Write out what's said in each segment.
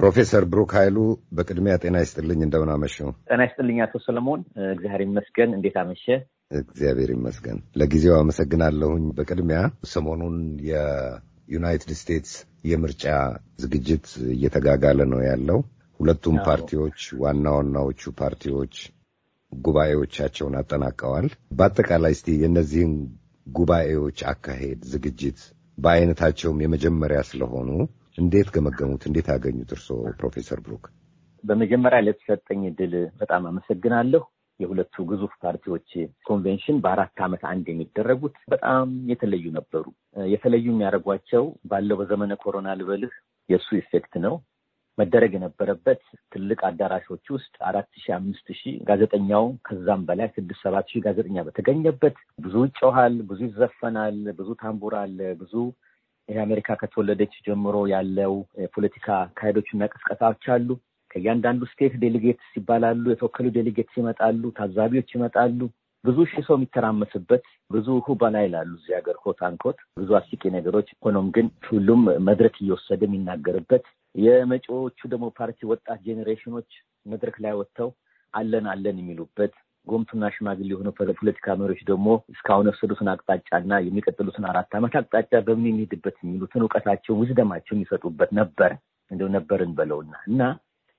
ፕሮፌሰር ብሩክ ኃይሉ በቅድሚያ ጤና ይስጥልኝ፣ እንደምን አመሹ? ጤና ይስጥልኝ አቶ ሰለሞን፣ እግዚአብሔር ይመስገን። እንዴት አመሸ? እግዚአብሔር ይመስገን። ለጊዜው አመሰግናለሁኝ። በቅድሚያ ሰሞኑን የዩናይትድ ስቴትስ የምርጫ ዝግጅት እየተጋጋለ ነው ያለው። ሁለቱም ፓርቲዎች ዋና ዋናዎቹ ፓርቲዎች ጉባኤዎቻቸውን አጠናቀዋል። በአጠቃላይ እስቲ የእነዚህን ጉባኤዎች አካሄድ ዝግጅት በአይነታቸውም የመጀመሪያ ስለሆኑ እንዴት ገመገሙት? እንዴት ያገኙት እርስዎ ፕሮፌሰር ብሩክ? በመጀመሪያ ለተሰጠኝ እድል በጣም አመሰግናለሁ። የሁለቱ ግዙፍ ፓርቲዎች ኮንቬንሽን በአራት ዓመት አንድ የሚደረጉት በጣም የተለዩ ነበሩ። የተለዩ የሚያደርጓቸው ባለው በዘመነ ኮሮና ልበልህ የእሱ ኢፌክት ነው። መደረግ የነበረበት ትልቅ አዳራሾች ውስጥ አራት ሺ አምስት ሺ ጋዜጠኛው ከዛም በላይ ስድስት ሰባት ሺህ ጋዜጠኛ በተገኘበት ብዙ ይጮሃል፣ ብዙ ይዘፈናል፣ ብዙ ታምቡር አለ። ብዙ አሜሪካ ከተወለደች ጀምሮ ያለው የፖለቲካ አካሄዶችና ቅስቀሳዎች አሉ። ከእያንዳንዱ ስቴት ዴሊጌትስ ይባላሉ። የተወከሉ ዴሊጌትስ ይመጣሉ፣ ታዛቢዎች ይመጣሉ። ብዙ ሺህ ሰው የሚተራመስበት ብዙ ሁባና ይላሉ እዚህ ሀገር ኮት አንኮት ብዙ አስቂ ነገሮች። ሆኖም ግን ሁሉም መድረክ እየወሰደ የሚናገርበት የመጪዎቹ ደግሞ ፓርቲ ወጣት ጄኔሬሽኖች መድረክ ላይ ወጥተው አለን አለን የሚሉበት ጎምቱና ሽማግሌ የሆኑ ፖለቲካ መሪዎች ደግሞ እስካሁን የወሰዱትን አቅጣጫና የሚቀጥሉትን አራት ዓመት አቅጣጫ በምን የሚሄድበት የሚሉትን እውቀታቸውን ውዝደማቸውን ይሰጡበት ነበር። እንደው ነበርን በለውና እና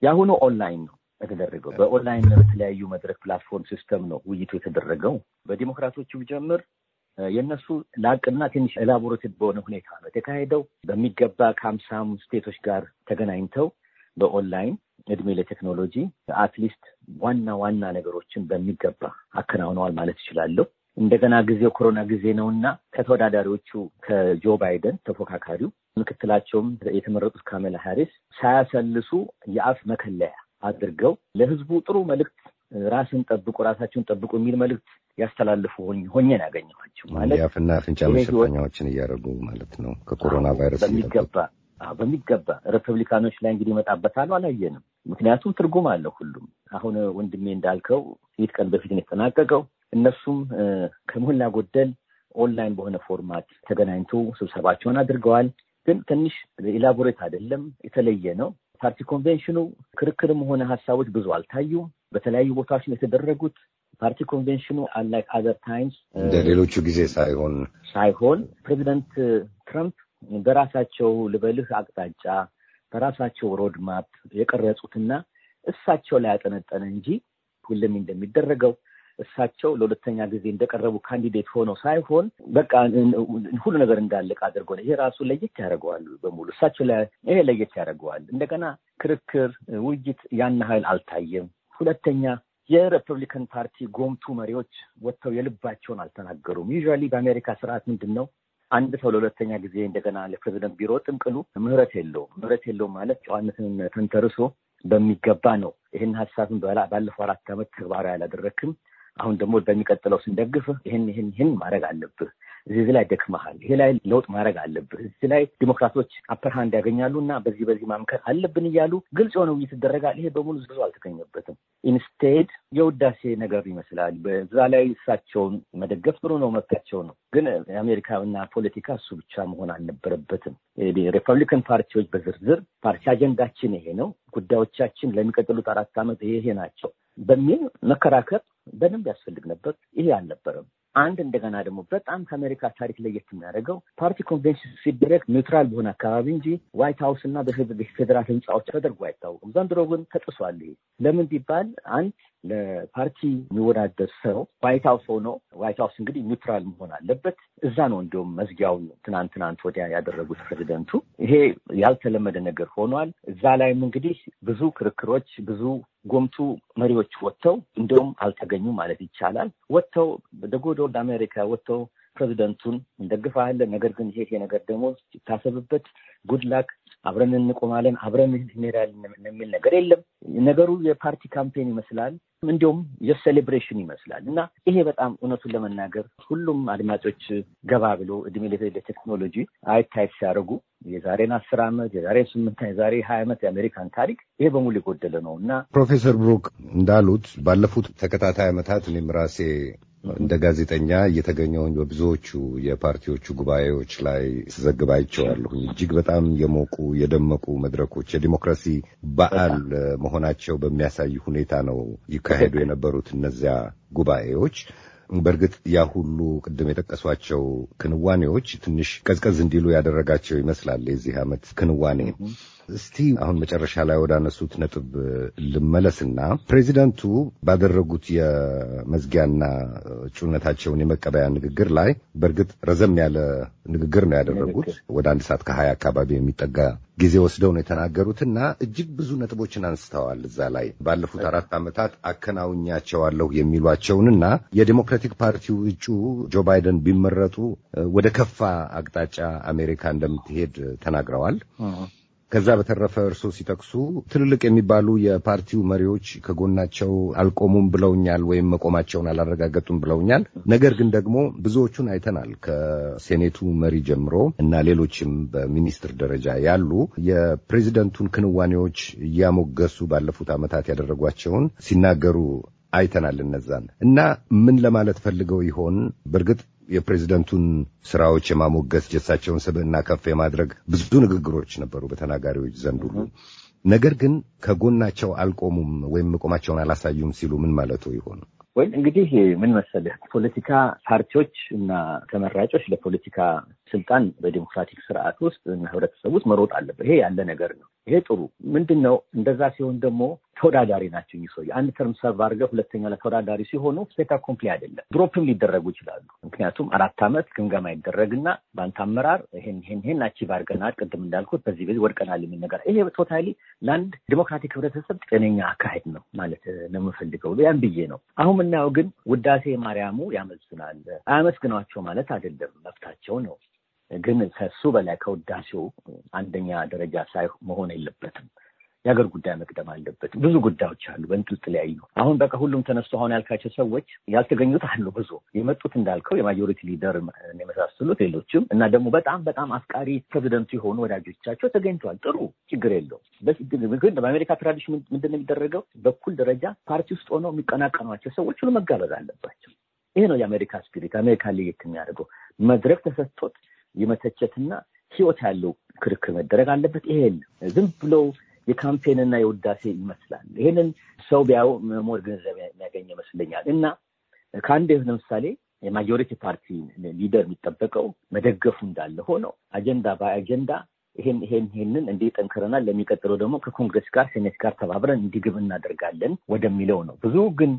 የአሁኑ ኦንላይን ነው የተደረገው። በኦንላይን በተለያዩ መድረክ ፕላትፎርም ሲስተም ነው ውይይቱ የተደረገው። በዲሞክራቶቹ ጀምር የእነሱ ላቅና ትንሽ ኤላቦሬትድ በሆነ ሁኔታ ነው የተካሄደው። በሚገባ ከሀምሳም ስቴቶች ጋር ተገናኝተው በኦንላይን እድሜ ለቴክኖሎጂ አትሊስት ዋና ዋና ነገሮችን በሚገባ አከናውነዋል ማለት እችላለሁ። እንደገና ጊዜው ኮሮና ጊዜ ነው እና ከተወዳዳሪዎቹ ከጆ ባይደን ተፎካካሪው፣ ምክትላቸውም የተመረጡት ካሜላ ሃሪስ ሳያሰልሱ የአፍ መከለያ አድርገው ለህዝቡ ጥሩ መልእክት ራስን ጠብቁ፣ ራሳችሁን ጠብቁ የሚል መልእክት ያስተላልፉ ሆኜን ያገኘኋቸው ማለት የአፍና አፍንጫ መሸፈኛዎችን እያደረጉ ማለት ነው። ከኮሮና ቫይረስ በሚገባ በሚገባ ሪፐብሊካኖች ላይ እንግዲህ ይመጣበታሉ፣ አላየንም፣ ምክንያቱም ትርጉም አለው ሁሉም። አሁን ወንድሜ እንዳልከው ሴት ቀን በፊት ነው የተጠናቀቀው። እነሱም ከሞላ ጎደል ኦንላይን በሆነ ፎርማት ተገናኝቶ ስብሰባቸውን አድርገዋል። ግን ትንሽ ኢላቦሬት አይደለም፣ የተለየ ነው። ፓርቲ ኮንቬንሽኑ ክርክርም ሆነ ሀሳቦች ብዙ አልታዩም። በተለያዩ ቦታዎች የተደረጉት። ፓርቲ ኮንቬንሽኑ አንላይክ አዘር ታይምስ እንደ ሌሎቹ ጊዜ ሳይሆን ሳይሆን ፕሬዚደንት ትራምፕ በራሳቸው ልበልህ አቅጣጫ በራሳቸው ሮድማፕ የቀረጹትና እሳቸው ላይ ያጠነጠነ እንጂ ሁሌም እንደሚደረገው እሳቸው ለሁለተኛ ጊዜ እንደቀረቡ ካንዲዴት ሆነው ሳይሆን በቃ ሁሉ ነገር እንዳለቅ አድርጎ ነው። ይሄ ራሱ ለየት ያደርገዋል በሙሉ እሳቸው ላይ ይሄ ለየት ያደርገዋል። እንደገና ክርክር፣ ውይይት ያን ሀይል አልታየም። ሁለተኛ የሪፐብሊካን ፓርቲ ጎምቱ መሪዎች ወጥተው የልባቸውን አልተናገሩም። ዩዥዋሊ በአሜሪካ ስርዓት ምንድን ነው አንድ ሰው ለሁለተኛ ጊዜ እንደገና ለፕሬዚደንት ቢሮ ጥንቅሉ ምህረት የለውም። ምህረት የለውም ማለት ጨዋነትን ተንተርሶ በሚገባ ነው። ይህን ሀሳብን ባለፈው አራት ዓመት ተግባራዊ አላደረክም፣ አሁን ደግሞ በሚቀጥለው ስንደግፍ ይህን ይህን ይህን ማድረግ አለብህ እዚህ ላይ ደክመሃል፣ ይሄ ላይ ለውጥ ማድረግ አለብህ፣ እዚህ ላይ ዲሞክራቶች አፐርሃንድ ያገኛሉ እና በዚህ በዚህ ማምከር አለብን እያሉ ግልጽ የሆነ ውይይት ይደረጋል። ይሄ በሙሉ ብዙ አልተገኘበትም። ኢንስቴድ የውዳሴ ነገር ይመስላል። በዛ ላይ እሳቸውን መደገፍ ጥሩ ነው፣ መብታቸው ነው። ግን የአሜሪካና ፖለቲካ እሱ ብቻ መሆን አልነበረበትም። ሪፐብሊካን ፓርቲዎች በዝርዝር ፓርቲ አጀንዳችን ይሄ ነው፣ ጉዳዮቻችን ለሚቀጥሉት አራት ዓመት ይሄ ናቸው በሚል መከራከር በደንብ ያስፈልግ ነበር። ይሄ አልነበረም። አንድ እንደገና ደግሞ በጣም ከአሜሪካ ታሪክ ለየት የሚያደርገው ፓርቲ ኮንቬንሽን ሲደረግ ኒውትራል በሆነ አካባቢ እንጂ ዋይት ሀውስ እና በፌዴራል ህንፃዎች ተደርጎ አይታወቅም። ዘንድሮ ግን ተጥሷል። ይሄ ለምን ቢባል አንድ ለፓርቲ የሚወዳደር ሰው ዋይት ሀውስ ሆኖ ዋይት ሀውስ እንግዲህ ኒውትራል መሆን አለበት። እዛ ነው እንዲሁም መዝጊያው ትናንት ትናንት ወዲያ ያደረጉት ፕሬዚደንቱ። ይሄ ያልተለመደ ነገር ሆኗል። እዛ ላይም እንግዲህ ብዙ ክርክሮች ብዙ ጎምቱ መሪዎች ወጥተው እንዲሁም አልተገኙ ማለት ይቻላል። ወጥተው ደጎድ አሜሪካ ወጥተው ፕሬዚደንቱን እንደግፋለን፣ ነገር ግን ይሄ ነገር ደግሞ ይታሰብበት፣ ጉድላክ አብረን እንቆማለን፣ አብረን እንሄዳለን የሚል ነገር የለም። ነገሩ የፓርቲ ካምፔን ይመስላል። እንዲሁም የሴሌብሬሽን ይመስላል እና ይሄ በጣም እውነቱን ለመናገር ሁሉም አድማጮች ገባ ብሎ እድሜ ለተለ ቴክኖሎጂ አይታይት ሲያደርጉ የዛሬን አስር ዓመት የዛሬ ስምንት የዛሬ ሀያ ዓመት የአሜሪካን ታሪክ ይሄ በሙሉ የጎደለ ነው እና ፕሮፌሰር ብሩክ እንዳሉት ባለፉት ተከታታይ ዓመታት እኔም ራሴ እንደ ጋዜጠኛ እየተገኘውን በብዙዎቹ የፓርቲዎቹ ጉባኤዎች ላይ ስዘግባቸዋለሁኝ። እጅግ በጣም የሞቁ የደመቁ መድረኮች የዲሞክራሲ በዓል መሆናቸው በሚያሳይ ሁኔታ ነው ሲካሄዱ የነበሩት እነዚያ ጉባኤዎች በእርግጥ ያ ሁሉ ቅድም የጠቀሷቸው ክንዋኔዎች ትንሽ ቀዝቀዝ እንዲሉ ያደረጋቸው ይመስላል የዚህ ዓመት ክንዋኔ እስቲ አሁን መጨረሻ ላይ ወዳነሱት ነጥብ ልመለስና ፕሬዚደንቱ ባደረጉት የመዝጊያና እጩነታቸውን የመቀበያ ንግግር ላይ በእርግጥ ረዘም ያለ ንግግር ነው ያደረጉት። ወደ አንድ ሰዓት ከሀያ አካባቢ የሚጠጋ ጊዜ ወስደው ነው የተናገሩትና እጅግ ብዙ ነጥቦችን አንስተዋል። እዛ ላይ ባለፉት አራት ዓመታት አከናውኛቸዋለሁ የሚሏቸውንና የዲሞክራቲክ ፓርቲው እጩ ጆ ባይደን ቢመረጡ ወደ ከፋ አቅጣጫ አሜሪካ እንደምትሄድ ተናግረዋል። ከዛ በተረፈ እርስዎ ሲጠቅሱ ትልልቅ የሚባሉ የፓርቲው መሪዎች ከጎናቸው አልቆሙም ብለውኛል፣ ወይም መቆማቸውን አላረጋገጡም ብለውኛል። ነገር ግን ደግሞ ብዙዎቹን አይተናል። ከሴኔቱ መሪ ጀምሮ እና ሌሎችም በሚኒስትር ደረጃ ያሉ የፕሬዚደንቱን ክንዋኔዎች እያሞገሱ ባለፉት ዓመታት ያደረጓቸውን ሲናገሩ አይተናል እነዛን እና ምን ለማለት ፈልገው ይሆን? በእርግጥ የፕሬዚደንቱን ስራዎች የማሞገስ የእሳቸውን ስብዕና ከፍ የማድረግ ብዙ ንግግሮች ነበሩ በተናጋሪዎች ዘንድ ሁሉ። ነገር ግን ከጎናቸው አልቆሙም ወይም መቆማቸውን አላሳዩም ሲሉ ምን ማለቱ ይሆን? ወይ እንግዲህ ምን መሰለህ፣ ፖለቲካ ፓርቲዎች እና ተመራጮች ለፖለቲካ ስልጣን በዲሞክራቲክ ስርዓት ውስጥ እና ህብረተሰብ ውስጥ መሮጥ አለበት። ይሄ ያለ ነገር ነው። ይሄ ጥሩ ምንድን ነው። እንደዛ ሲሆን ደግሞ ተወዳዳሪ ናቸው። እኚህ ሰውዬ አንድ ተርም ሰርቭ አድርገው ሁለተኛ ላይ ተወዳዳሪ ሲሆኑ ሴታ ኮምፕሊ አይደለም ድሮፕም ሊደረጉ ይችላሉ። ምክንያቱም አራት ዓመት ግምገማ ይደረግና በአንተ አመራር ይሄን ይሄን ይሄን አቺቭ አድርገናል፣ ቅድም እንዳልኩት በዚህ በዚህ ወድቀናል የሚል ነገር ይሄ ቶታሊ ለአንድ ዲሞክራቲክ ህብረተሰብ ጤነኛ አካሄድ ነው ማለት ነው የምፈልገው ያን ብዬ ነው። አሁን ምናየው ግን ውዳሴ ማርያሙ ያመዝናል። አያመስግናቸው ማለት አይደለም መብታቸው ነው። ግን ከሱ በላይ ከውዳሴው አንደኛ ደረጃ ሳይ መሆን የለበትም። የሀገር ጉዳይ መቅደም አለበት። ብዙ ጉዳዮች አሉ በእንጥልጥል አሁን በቃ ሁሉም ተነስቶ አሁን ያልካቸው ሰዎች ያልተገኙት አሉ ብዙ የመጡት እንዳልከው የማጆሪቲ ሊደር የመሳሰሉት ሌሎችም እና ደግሞ በጣም በጣም አፍቃሪ ፕሬዚደንቱ የሆኑ ወዳጆቻቸው ተገኝተዋል። ጥሩ ችግር የለውም። ግን በአሜሪካ ትራዲሽን ምንድን ነው የሚደረገው? በኩል ደረጃ ፓርቲ ውስጥ ሆነው የሚቀናቀኗቸው ሰዎች ሁሉ መጋበዝ አለባቸው። ይሄ ነው የአሜሪካ ስፒሪት፣ አሜሪካ ልየት የሚያደርገው መድረክ ተሰጥቶት የመተቸትና ህይወት ያለው ክርክር መደረግ አለበት። ይሄን ዝም ብሎ የካምፔንና የውዳሴ ይመስላል። ይሄንን ሰው ቢያው መሞር ግንዛቤ የሚያገኝ ይመስለኛል። እና ከአንድ ለምሳሌ የማጆሪቲ ፓርቲ ሊደር የሚጠበቀው መደገፉ እንዳለ ሆኖ አጀንዳ በአጀንዳ ይሄን ይሄን ይሄንን እንዲህ ጠንክረናል፣ ለሚቀጥለው ደግሞ ከኮንግረስ ጋር ሴኔት ጋር ተባብረን እንዲግብ እናደርጋለን ወደሚለው ነው። ብዙ ግን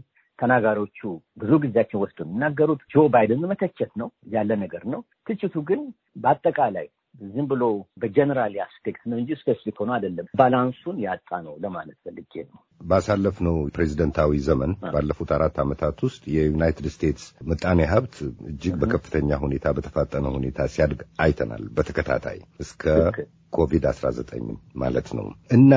ተናጋሪዎቹ ብዙ ጊዜያችን ወስዶ የሚናገሩት ጆ ባይደን መተቸት ነው ያለ ነገር ነው። ትችቱ ግን በአጠቃላይ ዝም ብሎ በጀነራል አስፔክት ነው እንጂ ስፔሲፊክ ሆኖ አይደለም። ባላንሱን ያጣ ነው ለማለት ፈልጌ ነው። ነው ፕሬዚደንታዊ ዘመን ባለፉት አራት ዓመታት ውስጥ የዩናይትድ ስቴትስ ምጣኔ ሀብት እጅግ በከፍተኛ ሁኔታ በተፋጠነ ሁኔታ ሲያድግ አይተናል። በተከታታይ እስከ ኮቪድ አስራ ማለት ነው እና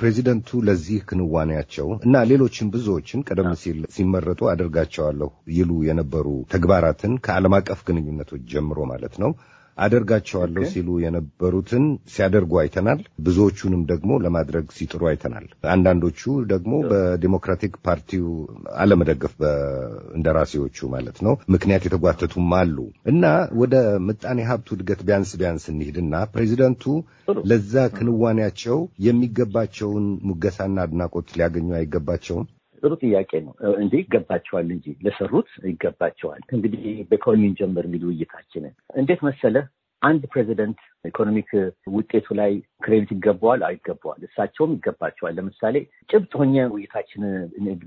ፕሬዚደንቱ ለዚህ ክንዋኔያቸው እና ሌሎችን ብዙዎችን ቀደም ሲል ሲመረጡ አደርጋቸዋለሁ ይሉ የነበሩ ተግባራትን ከዓለም አቀፍ ግንኙነቶች ጀምሮ ማለት ነው አደርጋቸዋለሁ ሲሉ የነበሩትን ሲያደርጉ አይተናል። ብዙዎቹንም ደግሞ ለማድረግ ሲጥሩ አይተናል። አንዳንዶቹ ደግሞ በዲሞክራቲክ ፓርቲው አለመደገፍ እንደራሴዎቹ ማለት ነው ምክንያት የተጓተቱም አሉ እና ወደ ምጣኔ ሀብቱ እድገት ቢያንስ ቢያንስ እንሂድና ፕሬዚደንቱ ለዛ ክንዋኔያቸው የሚገባቸውን ሙገሳና አድናቆት ሊያገኙ አይገባቸውም? ጥሩ ጥያቄ ነው እንጂ ይገባቸዋል እንጂ ለሰሩት ይገባቸዋል። እንግዲህ በኢኮኖሚን ጀምር እንግዲህ ውይይታችንን እንዴት መሰለ አንድ ፕሬዚደንት ኢኮኖሚክ ውጤቱ ላይ ክሬዲት ይገባዋል አይገባዋል? እሳቸውም ይገባቸዋል። ለምሳሌ ጭብጥ ሆኜ ውይይታችን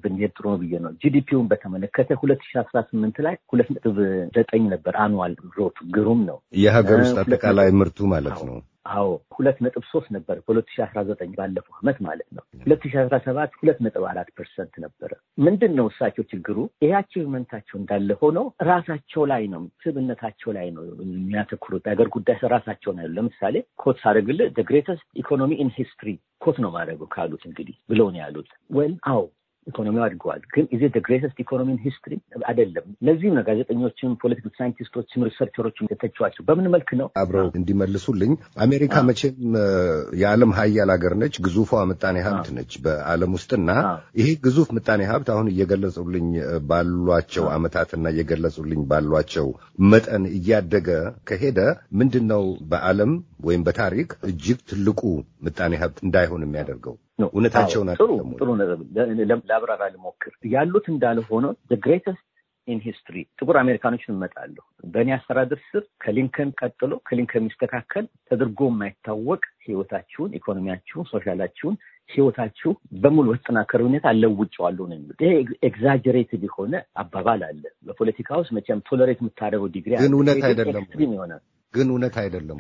ብንሄድ ጥሩ ነው ብዬ ነው። ጂዲፒውን በተመለከተ ሁለት ሺ አስራ ስምንት ላይ ሁለት ነጥብ ዘጠኝ ነበር አኑዋል ግሮቱ ግሩም ነው። የሀገር ውስጥ አጠቃላይ ምርቱ ማለት ነው። አዎ ሁለት ነጥብ ሶስት ነበር በሁለት ሺ አስራ ዘጠኝ ባለፈው አመት ማለት ነው። ሁለት ሺ አስራ ሰባት ሁለት ነጥብ አራት ፐርሰንት ነበረ። ምንድን ነው እሳቸው ችግሩ? ይህ አቺቭመንታቸው እንዳለ ሆኖ ራሳቸው ላይ ነው ስብነታቸው ላይ ነው የሚያተኩሩት። የሀገር ጉዳይ ራሳቸው ነው። ለምሳሌ ኮት ሳደርግልህ ግሬተስት ኢኮኖሚ ኢን ሂስትሪ ኮት ነው ማድረገው ካሉት እንግዲህ ብለውን ያሉት ወይም አዎ ኢኮኖሚው አድገዋል። ግን ኢዜ ዘ ግሬተስት ኢኮኖሚ ኢን ሂስትሪ አይደለም። ለዚህም ነው ጋዜጠኞችም ፖለቲካል ሳይንቲስቶችም ሪሰርቸሮችም የተቸዋቸው። በምን መልክ ነው አብረው እንዲመልሱልኝ። አሜሪካ መቼም የዓለም ሀያል ሀገር ነች፣ ግዙፏ ምጣኔ ሀብት ነች በዓለም ውስጥና ይሄ ግዙፍ ምጣኔ ሀብት አሁን እየገለጹልኝ ባሏቸው አመታትና እየገለጹልኝ ባሏቸው መጠን እያደገ ከሄደ ምንድን ነው በዓለም ወይም በታሪክ እጅግ ትልቁ ምጣኔ ሀብት እንዳይሆን የሚያደርገው? እውነታቸው ጥሩ ጥሩ ለአብራራ ልሞክር ያሉት እንዳለ ሆኖ ግሬተስት ኢን ሂስትሪ ጥቁር አሜሪካኖችን እመጣለሁ። በእኔ አስተዳደር ስር ከሊንከን ቀጥሎ ከሊንከን የሚስተካከል ተደርጎ የማይታወቅ ህይወታችሁን፣ ኢኮኖሚያችሁን፣ ሶሻላችሁን ህይወታችሁ በሙሉ በተጠናከረ ሁኔታ አለውጫዋለሁ ነው የሚሉት። ይሄ ኤግዛጀሬትድ የሆነ አባባል አለ። በፖለቲካ ውስጥ መቼም ቶለሬት የምታደረገው ዲግሪ ግን እውነት አይደለም ሆነ ግን እውነት አይደለም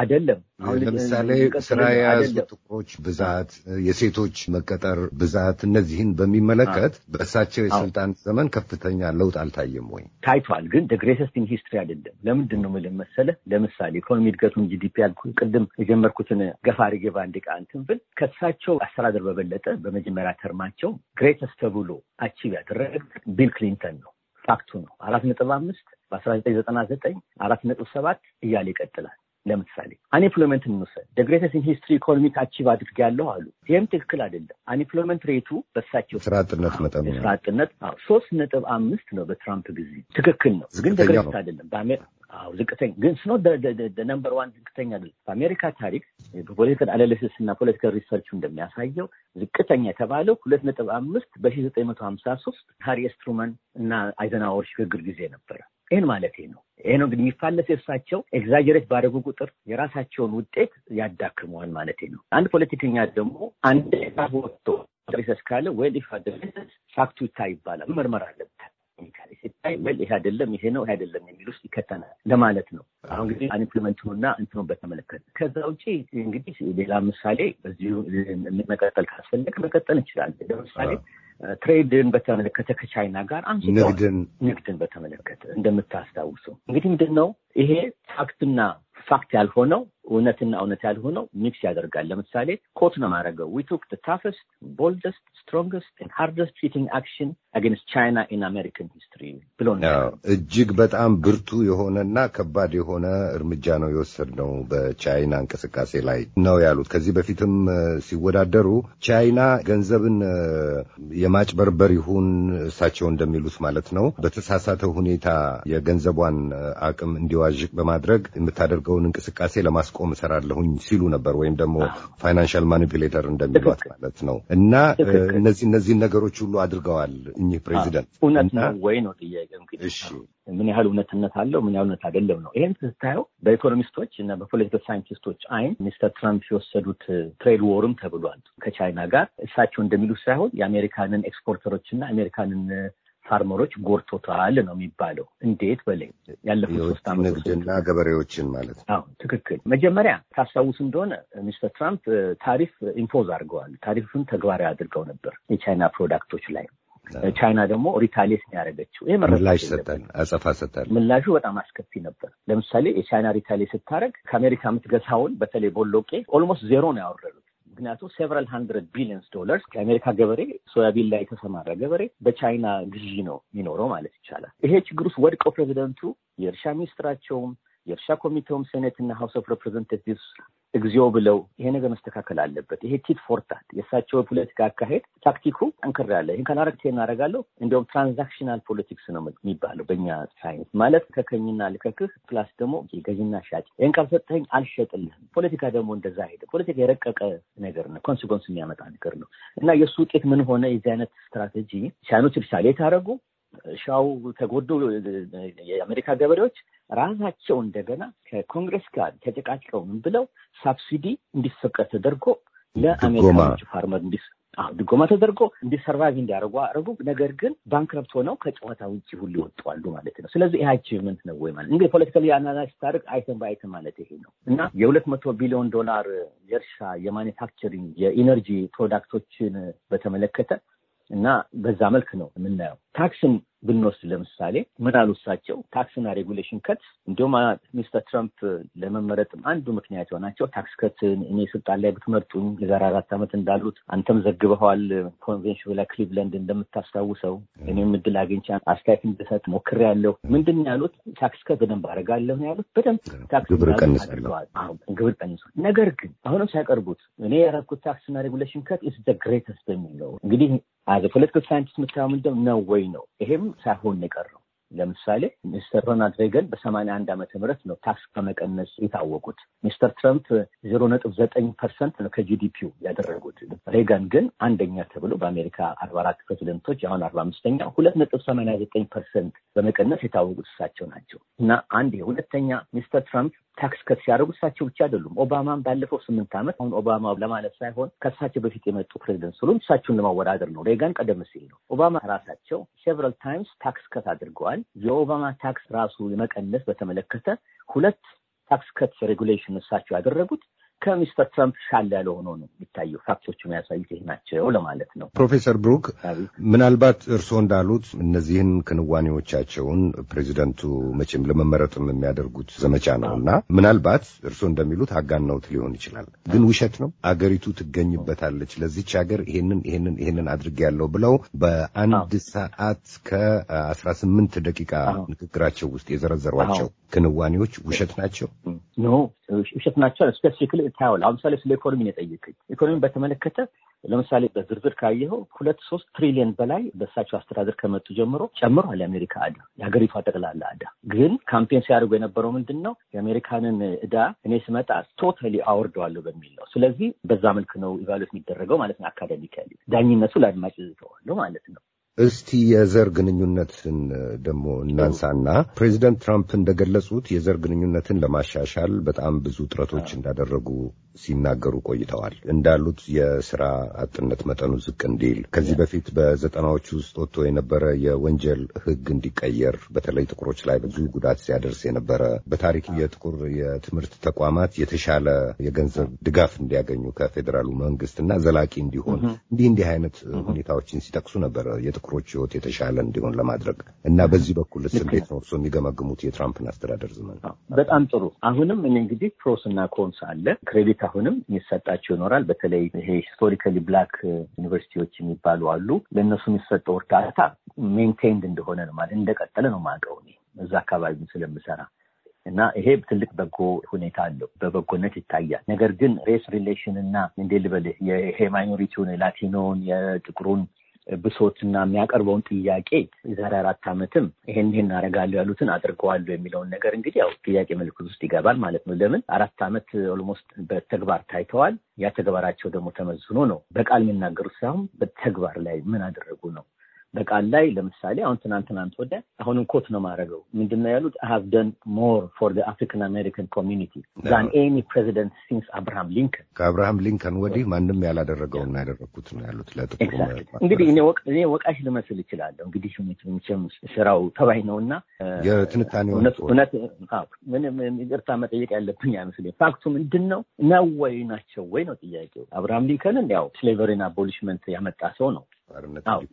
አይደለም። ለምሳሌ ስራ የያዙ ጥቁሮች ብዛት፣ የሴቶች መቀጠር ብዛት፣ እነዚህን በሚመለከት በእሳቸው የስልጣን ዘመን ከፍተኛ ለውጥ አልታየም ወይ? ታይቷል፣ ግን ደግሬተስት ኢን ሂስትሪ አይደለም። ለምንድን ነው ምልህ መሰለህ? ለምሳሌ ኢኮኖሚ እድገቱን ጂዲፒ ያልኩ ቅድም የጀመርኩትን ገፋሪ ገባ በአንድ ቃል እንትን ብል ከእሳቸው አስተዳደር በበለጠ በመጀመሪያ ተርማቸው ግሬተስት ተብሎ አቺቭ ያደረገ ቢል ክሊንተን ነው። ፋክቱ ነው። አራት ነጥብ አምስት በአስራ ዘጠኝ ዘጠና ዘጠኝ አራት ነጥብ ሰባት እያለ ይቀጥላል። ለምሳሌ አንኤምፕሎይመንት እንውሰድ። ደግሬተስ ኢን ሂስትሪ ኢኮኖሚክ አቺቭ አድርግ ያለው አሉ። ይህም ትክክል አይደለም። አንኤምፕሎይመንት ሬቱ በሳቸው ስራጥነት መጠን ስራጥነት ሶስት ነጥብ አምስት ነው በትራምፕ ጊዜ ትክክል ነው፣ ግን ደግሬተስ አይደለም ዝቅተኛ ግን ስኖ ነምበር ዋን ዝቅተኛ አይደለም። በአሜሪካ ታሪክ በፖለቲካል አናሊሲስ እና ፖለቲካል ሪሰርቹ እንደሚያሳየው ዝቅተኛ የተባለው ሁለት ነጥብ አምስት በሺህ ዘጠኝ መቶ ሀምሳ ሶስት ሃሪ ኤስ ትሩመን እና አይዘናወር ሽግግር ጊዜ ነበረ። ይህን ማለት ነው። ይሄ ነው እንግዲህ የሚፋለስ እርሳቸው ኤግዛጀሬት ባደረጉ ቁጥር የራሳቸውን ውጤት ያዳክመዋል ማለት ነው። አንድ ፖለቲከኛ ደግሞ አንድ ወጥቶ ሪሰስ ካለ ወይ ፋክቱ ይታ ይባላል። መርመር አለበት ሲታይ ወይ ይሄ አይደለም ይሄ ነው ይሄ አይደለም የሚል ውስጥ ይከተናል ለማለት ነው። አሁን እንግዲህ አንኢምፕሊመንቱንና እንትኖ በተመለከተ ከዛ ውጭ እንግዲህ ሌላ ምሳሌ በዚሁ መቀጠል ካስፈለግ መቀጠል እንችላለን። ለምሳሌ ትሬድን በተመለከተ ከቻይና ጋር አንንግድን ንግድን በተመለከተ እንደምታስታውሱ እንግዲህ ምንድን ነው ይሄ ፋክትና ፋክት ያልሆነው እውነትና እውነት ያልሆነው ሚክስ ያደርጋል። ለምሳሌ ኮት ነው ማድረገው ዊ ቱክ ታፈስት ቦልደስት ስትሮንግስት ሃርደስት ሂቲንግ አክሽን አገንስት ቻይና ኢን አሜሪካን ሂስትሪ ብሎ እጅግ በጣም ብርቱ የሆነና ከባድ የሆነ እርምጃ ነው የወሰድነው በቻይና እንቅስቃሴ ላይ ነው ያሉት። ከዚህ በፊትም ሲወዳደሩ ቻይና ገንዘብን የማጭበርበር ይሁን እሳቸው እንደሚሉት ማለት ነው በተሳሳተ ሁኔታ የገንዘቧን አቅም እንዲዋዥቅ በማድረግ የምታደርገውን እንቅስቃሴ ለማስ ማስቆም እሰራለሁኝ ሲሉ ነበር። ወይም ደግሞ ፋይናንሻል ማኒፕሌተር እንደሚሏት ማለት ነው። እና እነዚህ እነዚህን ነገሮች ሁሉ አድርገዋል እኚህ ፕሬዚደንት። እውነት ነው ወይ ነው ጥያቄ እንግዲህ። እሺ ምን ያህል እውነትነት አለው፣ ምን ያህል እውነት አይደለም ነው። ይህን ስታየው በኢኮኖሚስቶች እና በፖለቲካል ሳይንቲስቶች አይን ሚስተር ትራምፕ የወሰዱት ትሬድ ዎርም ተብሏል ከቻይና ጋር እሳቸው እንደሚሉ ሳይሆን የአሜሪካንን ኤክስፖርተሮች እና አሜሪካንን ፋርመሮች ጎርቶታል ነው የሚባለው። እንዴት በለኝ ያለፉት ሶስት ንግድና ገበሬዎችን ማለት ነው። ትክክል። መጀመሪያ ታስታውስ እንደሆነ ሚስተር ትራምፕ ታሪፍ ኢምፖዝ አድርገዋል። ታሪፍን ተግባራዊ አድርገው ነበር የቻይና ፕሮዳክቶች ላይ ቻይና ደግሞ ሪታሊየት ነው ያደረገችው። ይህ ምላሽ ሰጠን፣ አጸፋ ሰጠን። ምላሹ በጣም አስከፊ ነበር። ለምሳሌ የቻይና ሪታሊየት ስታደረግ ከአሜሪካ የምትገዛውን በተለይ ቦሎቄ ኦልሞስት ዜሮ ነው ያወረዱ ምክንያቱም ሴቨራል ሀንድረድ ቢሊዮንስ ዶላርስ የአሜሪካ ገበሬ ሶያቢን ላይ የተሰማራ ገበሬ በቻይና ግዢ ነው የሚኖረው ማለት ይቻላል። ይሄ ችግር ውስጥ ወድቀው ፕሬዚደንቱ የእርሻ ሚኒስትራቸውም የእርሻ ኮሚቴውም ሴኔትና ሀውስ ኦፍ ሬፕሬዘንታቲቭስ እግዚኦ ብለው ይሄ ነገር መስተካከል አለበት። ይሄ ቲት ፎርታት የእሳቸው የፖለቲካ አካሄድ ታክቲኩ ጠንክር ያለ ይህን ካላረግት እናደርጋለሁ። እንዲሁም ትራንዛክሽናል ፖለቲክስ ነው የሚባለው በእኛ ሳይንስ ማለት ከከኝና ልከክህ ፕላስ ደግሞ ገዥና ሻጭ፣ ይህን ካልሰጠኝ አልሸጥልህም። ፖለቲካ ደግሞ እንደዛ ሄደ። ፖለቲካ የረቀቀ ነገር ነው፣ ኮንስኮንስ የሚያመጣ ነገር ነው እና የእሱ ውጤት ምን ሆነ? የዚህ አይነት ስትራቴጂ ቻይኖች ሪሳሌት አደረጉ። እርሻው ተጎዱ የአሜሪካ ገበሬዎች ራሳቸው እንደገና ከኮንግረስ ጋር ተጨቃጭቀውም ብለው ሳብሲዲ እንዲፈቀድ ተደርጎ ለአሜሪካ ፋርመር ድጎማ ተደርጎ እንዲሰርቫይቭ እንዲያደርጉ አረጉ። ነገር ግን ባንክረፕት ሆነው ከጨዋታ ውጭ ሁሉ ይወጡዋሉ ማለት ነው። ስለዚህ ይህ አቺቭመንት ነው ወይ ማለት እንግዲህ ፖለቲካሊ የአናና ታደርግ አይተም በአይተም ማለት ይሄ ነው እና የሁለት መቶ ቢሊዮን ዶላር የእርሻ የማኒፋክቸሪንግ፣ የኢነርጂ ፕሮዳክቶችን በተመለከተ እና በዛ መልክ ነው የምናየው። ታክስን ብንወስድ ለምሳሌ ምን አሉ እሳቸው ታክስና ሬጉሌሽን ከት እንዲሁም ሚስተር ትራምፕ ለመመረጥም አንዱ ምክንያት የሆናቸው ታክስ ከት እኔ ስልጣን ላይ ብትመርጡኝ የዛሬ አራት ዓመት እንዳሉት አንተም ዘግበኸዋል። ኮንቬንሽን ላይ ክሊቭለንድ እንደምታስታውሰው እኔም እድል አግኝቼ አስተያየት እንድሰጥ ሞክሬ ያለሁ ምንድን ነው ያሉት? ታክስ ከት በደንብ አደርጋለሁ ነው ያሉት። በደንብ ታክስ ግብር ቀንሷል። ነገር ግን አሁንም ሲያቀርቡት እኔ ያደረኩት ታክስና ሬጉሌሽን ከት ኢዝ ዘ ግሬተስት በሚል እንግዲህ አዘ ፖለቲካል ሳይንቲስት የምታየው ምንድን ነው ወይ ነው። ይሄም ሳይሆን የቀረው ለምሳሌ ሚስተር ሮናልድ ሬገን በሰማንያ አንድ ዓመተ ምህረት ነው ታክስ ከመቀነስ የታወቁት። ሚስተር ትረምፕ ዜሮ ነጥብ ዘጠኝ ፐርሰንት ነው ከጂዲፒው ያደረጉት። ሬገን ግን አንደኛ ተብሎ በአሜሪካ አርባ አራት ፕሬዚደንቶች አሁን አርባ አምስተኛ ሁለት ነጥብ ሰማንያ ዘጠኝ ፐርሰንት በመቀነስ የታወቁት እሳቸው ናቸው እና አንድ ሁለተኛ ሚስተር ትረምፕ ታክስ ከት ሲያደርጉ እሳቸው ብቻ አይደሉም። ኦባማን ባለፈው ስምንት ዓመት አሁን ኦባማ ለማለት ሳይሆን ከእሳቸው በፊት የመጡ ፕሬዚደንት ስሉም እሳቸውን ለማወዳደር ነው። ሬጋን ቀደም ሲል ነው። ኦባማ ራሳቸው ሴቨራል ታይምስ ታክስ ከት አድርገዋል። የኦባማ ታክስ ራሱ የመቀነስ በተመለከተ ሁለት ታክስ ከት ሬጉሌሽን እሳቸው ያደረጉት ከሚስተር ትራምፕ ሻል ያለ ሆኖ ነው የሚታየው። ፋክቶቹ የሚያሳዩት ይህ ናቸው ለማለት ነው። ፕሮፌሰር ብሩክ ምናልባት እርስዎ እንዳሉት እነዚህን ክንዋኔዎቻቸውን ፕሬዚደንቱ መቼም ለመመረጥም የሚያደርጉት ዘመቻ ነው እና ምናልባት እርስዎ እንደሚሉት አጋናውት ሊሆን ይችላል። ግን ውሸት ነው አገሪቱ ትገኝበታለች። ለዚች ሀገር ይሄንን ይሄንን ይሄንን አድርጌያለሁ ብለው በአንድ ሰዓት ከአስራ ስምንት ደቂቃ ንግግራቸው ውስጥ የዘረዘሯቸው ክንዋኔዎች ውሸት ናቸው። ኖ ውሸት ናቸው። ስፔሲፊክሊ ታያውል አሁን ምሳሌ ስለ ኢኮኖሚ ነው የጠየቀኝ። ኢኮኖሚ በተመለከተ ለምሳሌ በዝርዝር ካየኸው ሁለት ሶስት ትሪሊየን በላይ በእሳቸው አስተዳደር ከመጡ ጀምሮ ጨምሯል የአሜሪካ ዕዳ የሀገሪቷ ጠቅላላ ዕዳ። ግን ካምፔን ሲያደርጉ የነበረው ምንድን ነው የአሜሪካንን እዳ እኔ ስመጣ ቶታሊ አወርደዋለሁ በሚል ነው። ስለዚህ በዛ መልክ ነው ኢቫሉዌት የሚደረገው ማለት ነው። አካዳሚካሊ ዳኝነቱ ለአድማጭ ዝተዋለሁ ማለት ነው። እስቲ የዘር ግንኙነትን ደግሞ እናንሳና ፕሬዚደንት ትራምፕ እንደገለጹት የዘር ግንኙነትን ለማሻሻል በጣም ብዙ ጥረቶች እንዳደረጉ ሲናገሩ ቆይተዋል። እንዳሉት የስራ አጥነት መጠኑ ዝቅ እንዲል፣ ከዚህ በፊት በዘጠናዎች ውስጥ ወጥቶ የነበረ የወንጀል ሕግ እንዲቀየር፣ በተለይ ጥቁሮች ላይ ብዙ ጉዳት ሲያደርስ የነበረ በታሪክ የጥቁር የትምህርት ተቋማት የተሻለ የገንዘብ ድጋፍ እንዲያገኙ ከፌዴራሉ መንግስት እና ዘላቂ እንዲሆን እንዲህ እንዲህ አይነት ሁኔታዎችን ሲጠቅሱ ነበረ። የጥቁሮች ህይወት የተሻለ እንዲሆን ለማድረግ እና በዚህ በኩል ስ እንዴት ነው እርስዎ የሚገመግሙት የትራምፕን አስተዳደር ዘመን? በጣም ጥሩ። አሁንም እንግዲህ ፕሮስ እና ኮንስ አለ። ክሬዲት አሁንም የሚሰጣቸው ይኖራል። በተለይ ይሄ ሂስቶሪካሊ ብላክ ዩኒቨርሲቲዎች የሚባሉ አሉ። ለእነሱ የሚሰጠው እርዳታ ሜንቴንድ እንደሆነ ነው ማለት እንደቀጠለ ነው ማቀው እዛ አካባቢ ስለምሰራ እና ይሄ ትልቅ በጎ ሁኔታ አለው፣ በበጎነት ይታያል። ነገር ግን ሬስ ሪሌሽን እና እንዴ ልበልህ ማይኖሪቲውን የላቲኖን የጥቁሩን ብሶትና የሚያቀርበውን ጥያቄ የዛሬ አራት ዓመትም ይሄን ይህን አደርጋለሁ ያሉትን አድርገዋሉ የሚለውን ነገር እንግዲህ ያው ጥያቄ ምልክት ውስጥ ይገባል ማለት ነው። ለምን አራት ዓመት ኦልሞስት በተግባር ታይተዋል። ያ ተግባራቸው ደግሞ ተመዝኖ ነው በቃል የሚናገሩት ሳይሆን በተግባር ላይ ምን አደረጉ ነው። በቃል ላይ ለምሳሌ አሁን ትናንት ትናንት ወደ አሁንም ኮት ነው ማድረገው ምንድነው ያሉት ሀቭ ደን ሞር ፎር አፍሪካን አሜሪካን ኮሚኒቲ ዛን ኤኒ ፕሬዚደንት ሲንስ አብርሃም ሊንከን ከአብርሃም ሊንከን ወዲህ ማንም ያላደረገው እና ያደረግኩት ነው ያሉት። ለጥቁር እንግዲህ እኔ ወቃሽ ልመስል ይችላለሁ እንግዲህ መቼም ስራው ተባይ ነው እና የትንታኔ ይቅርታ መጠየቅ ያለብኝ አይመስለኝም። ፋክቱ ምንድን ነው ነው ወይ ናቸው ወይ ነው ጥያቄው። አብርሃም ሊንከንን ያው ስሌቨሪን አቦሊሽመንት ያመጣ ሰው ነው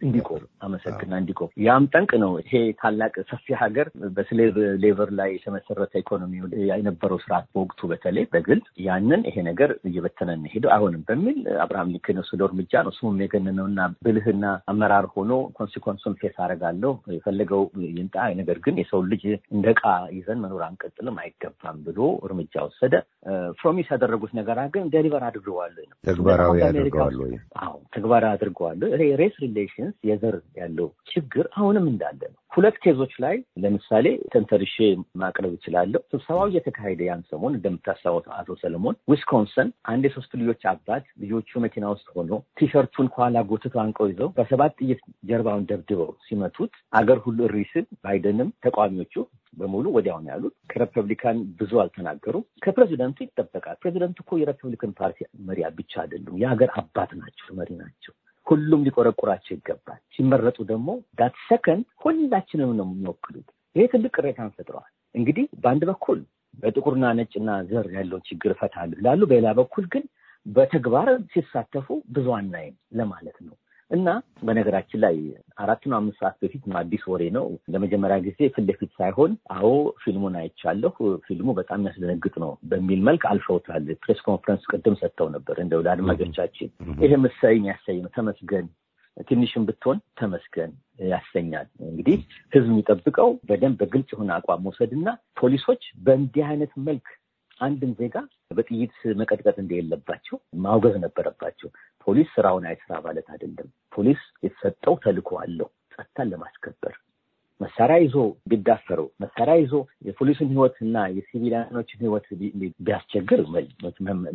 እንዲቆም አመሰግና እንዲቆም ያም ጠንቅ ነው። ይሄ ታላቅ ሰፊ ሀገር በስሌቭ ሌቨር ላይ የተመሰረተ ኢኮኖሚ የነበረው ስርዓት በወቅቱ በተለይ በግልጽ ያንን ይሄ ነገር እየበተነ ሄደው አይሆንም በሚል አብርሃም ሊንከን የወሰደው እርምጃ ነው። ስሙም የገነነውና ብልህና አመራር ሆኖ ኮንሲኮንሱን ፌስ አደርጋለሁ የፈለገው ይምጣ፣ ነገር ግን የሰው ልጅ እንደ ዕቃ ይዘን መኖር አንቀጥልም አይገባም ብሎ እርምጃ ወሰደ። ፕሮሚስ ያደረጉት ነገር ግን ደሊቨር አድርገዋል፣ ተግባራዊ አድርገዋል፣ ተግባራዊ አድርገዋል ሬስ ሪሌሽንስ የዘር ያለው ችግር አሁንም እንዳለ ነው። ሁለት ኬዞች ላይ ለምሳሌ ተንተርሼ ማቅረብ እችላለሁ። ስብሰባው እየተካሄደ ያን ሰሞን እንደምታስታወት አቶ ሰለሞን ዊስኮንሰን አንድ የሶስት ልጆች አባት ልጆቹ መኪና ውስጥ ሆኖ ቲሸርቱን ከኋላ ጎትቶ አንቀው ይዘው በሰባት ጥይት ጀርባውን ደብድበው ሲመቱት አገር ሁሉ እሪ ሲል ባይደንም ተቃዋሚዎቹ በሙሉ ወዲያውን ያሉት ከሪፐብሊካን ብዙ አልተናገሩም። ከፕሬዚደንቱ ይጠበቃል። ፕሬዚደንቱ እኮ የሪፐብሊካን ፓርቲ መሪ ብቻ አይደሉም፣ የሀገር አባት ናቸው፣ መሪ ናቸው። ሁሉም ሊቆረቁራቸው ይገባል። ሲመረጡ ደግሞ ዳት ሰከንድ ሁላችንም ነው የሚወክሉት። ይሄ ትልቅ ቅሬታን ፈጥረዋል። እንግዲህ በአንድ በኩል በጥቁርና ነጭና ዘር ያለውን ችግር እፈታለሁ ላሉ፣ በሌላ በኩል ግን በተግባር ሲሳተፉ ብዙ አናይም ለማለት ነው። እና በነገራችን ላይ አራትና አምስት ሰዓት በፊት አዲስ ወሬ ነው። ለመጀመሪያ ጊዜ ፊት ለፊት ሳይሆን አዎ ፊልሙን አይቻለሁ፣ ፊልሙ በጣም የሚያስደነግጥ ነው በሚል መልክ አልፈውታል። ፕሬስ ኮንፈረንስ ቅድም ሰጥተው ነበር። እንደው ለአድማጮቻችን ይሄ ምሳይ የሚያሳይ ነው። ተመስገን ትንሽም ብትሆን ተመስገን ያሰኛል። እንግዲህ ህዝብ የሚጠብቀው በደንብ በግልጽ የሆነ አቋም መውሰድ እና ፖሊሶች በእንዲህ አይነት መልክ አንድን ዜጋ በጥይት መቀጥቀጥ እንደሌለባቸው ማውገዝ ነበረባቸው። ፖሊስ ስራውን አይስራ ማለት አይደለም። ፖሊስ የተሰጠው ተልዕኮ አለው ጸጥታን ለማስከበር መሳሪያ ይዞ ቢዳፈሩ መሳሪያ ይዞ የፖሊሱን ህይወት እና የሲቪሊያኖችን ህይወት ቢያስቸግር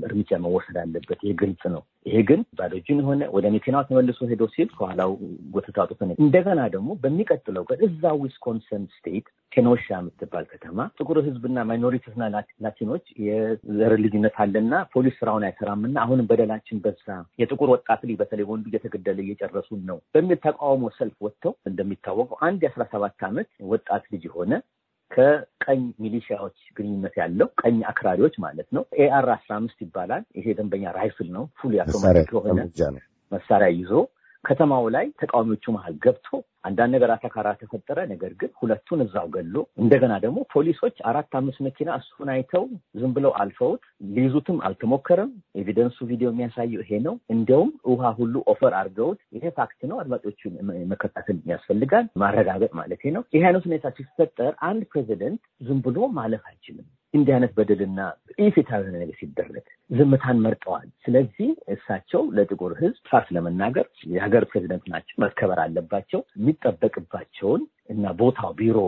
እርምጃ መወሰድ አለበት። ይሄ ግልጽ ነው። ይሄ ግን ባዶ እጁን የሆነ ወደ መኪናው ተመልሶ ሄዶ ሲል ከኋላው ጎተታጡት። እንደገና ደግሞ በሚቀጥለው ቀን እዛ ዊስኮንሰን ስቴት ኬኖሻ የምትባል ከተማ ጥቁር ህዝብና ማይኖሪቲስና ላቲኖች የዘር ልዩነት አለና ፖሊስ ስራውን አይሰራምና አሁንም በደላችን በዛ የጥቁር ወጣት ልጅ በተለይ ወንዱ እየተገደለ እየጨረሱን ነው በሚል ተቃውሞ ሰልፍ ወጥተው እንደሚታወቀው አንድ የአስራ ሰባት አራት ዓመት ወጣት ልጅ የሆነ ከቀኝ ሚሊሺያዎች ግንኙነት ያለው ቀኝ አክራሪዎች ማለት ነው። ኤአር አስራ አምስት ይባላል። ይሄ ደንበኛ ራይፍል ነው። ፉል አውቶማቲክ የሆነ መሳሪያ ይዞ ከተማው ላይ ተቃዋሚዎቹ መሀል ገብቶ አንዳንድ ነገር አተካራ ተፈጠረ። ነገር ግን ሁለቱን እዛው ገሎ እንደገና ደግሞ ፖሊሶች አራት አምስት መኪና እሱን አይተው ዝም ብለው አልፈውት ሊይዙትም አልተሞከረም። ኤቪደንሱ ቪዲዮ የሚያሳየው ይሄ ነው። እንደውም ውሃ ሁሉ ኦፈር አድርገውት ይሄ ፋክት ነው፣ አድማጮቹ መከታተል ያስፈልጋል ማረጋገጥ ማለት ነው። ይህ አይነት ሁኔታ ሲፈጠር አንድ ፕሬዚደንት ዝም ብሎ ማለፍ አይችልም። እንዲህ አይነት በደልና ኢፍትሐዊ የሆነ ነገር ሲደረግ ዝምታን መርጠዋል። ስለዚህ እሳቸው ለጥቁር ሕዝብ ፋስ ለመናገር የሀገር ፕሬዚደንት ናቸው፣ መከበር አለባቸው። የሚጠበቅባቸውን እና ቦታው ቢሮ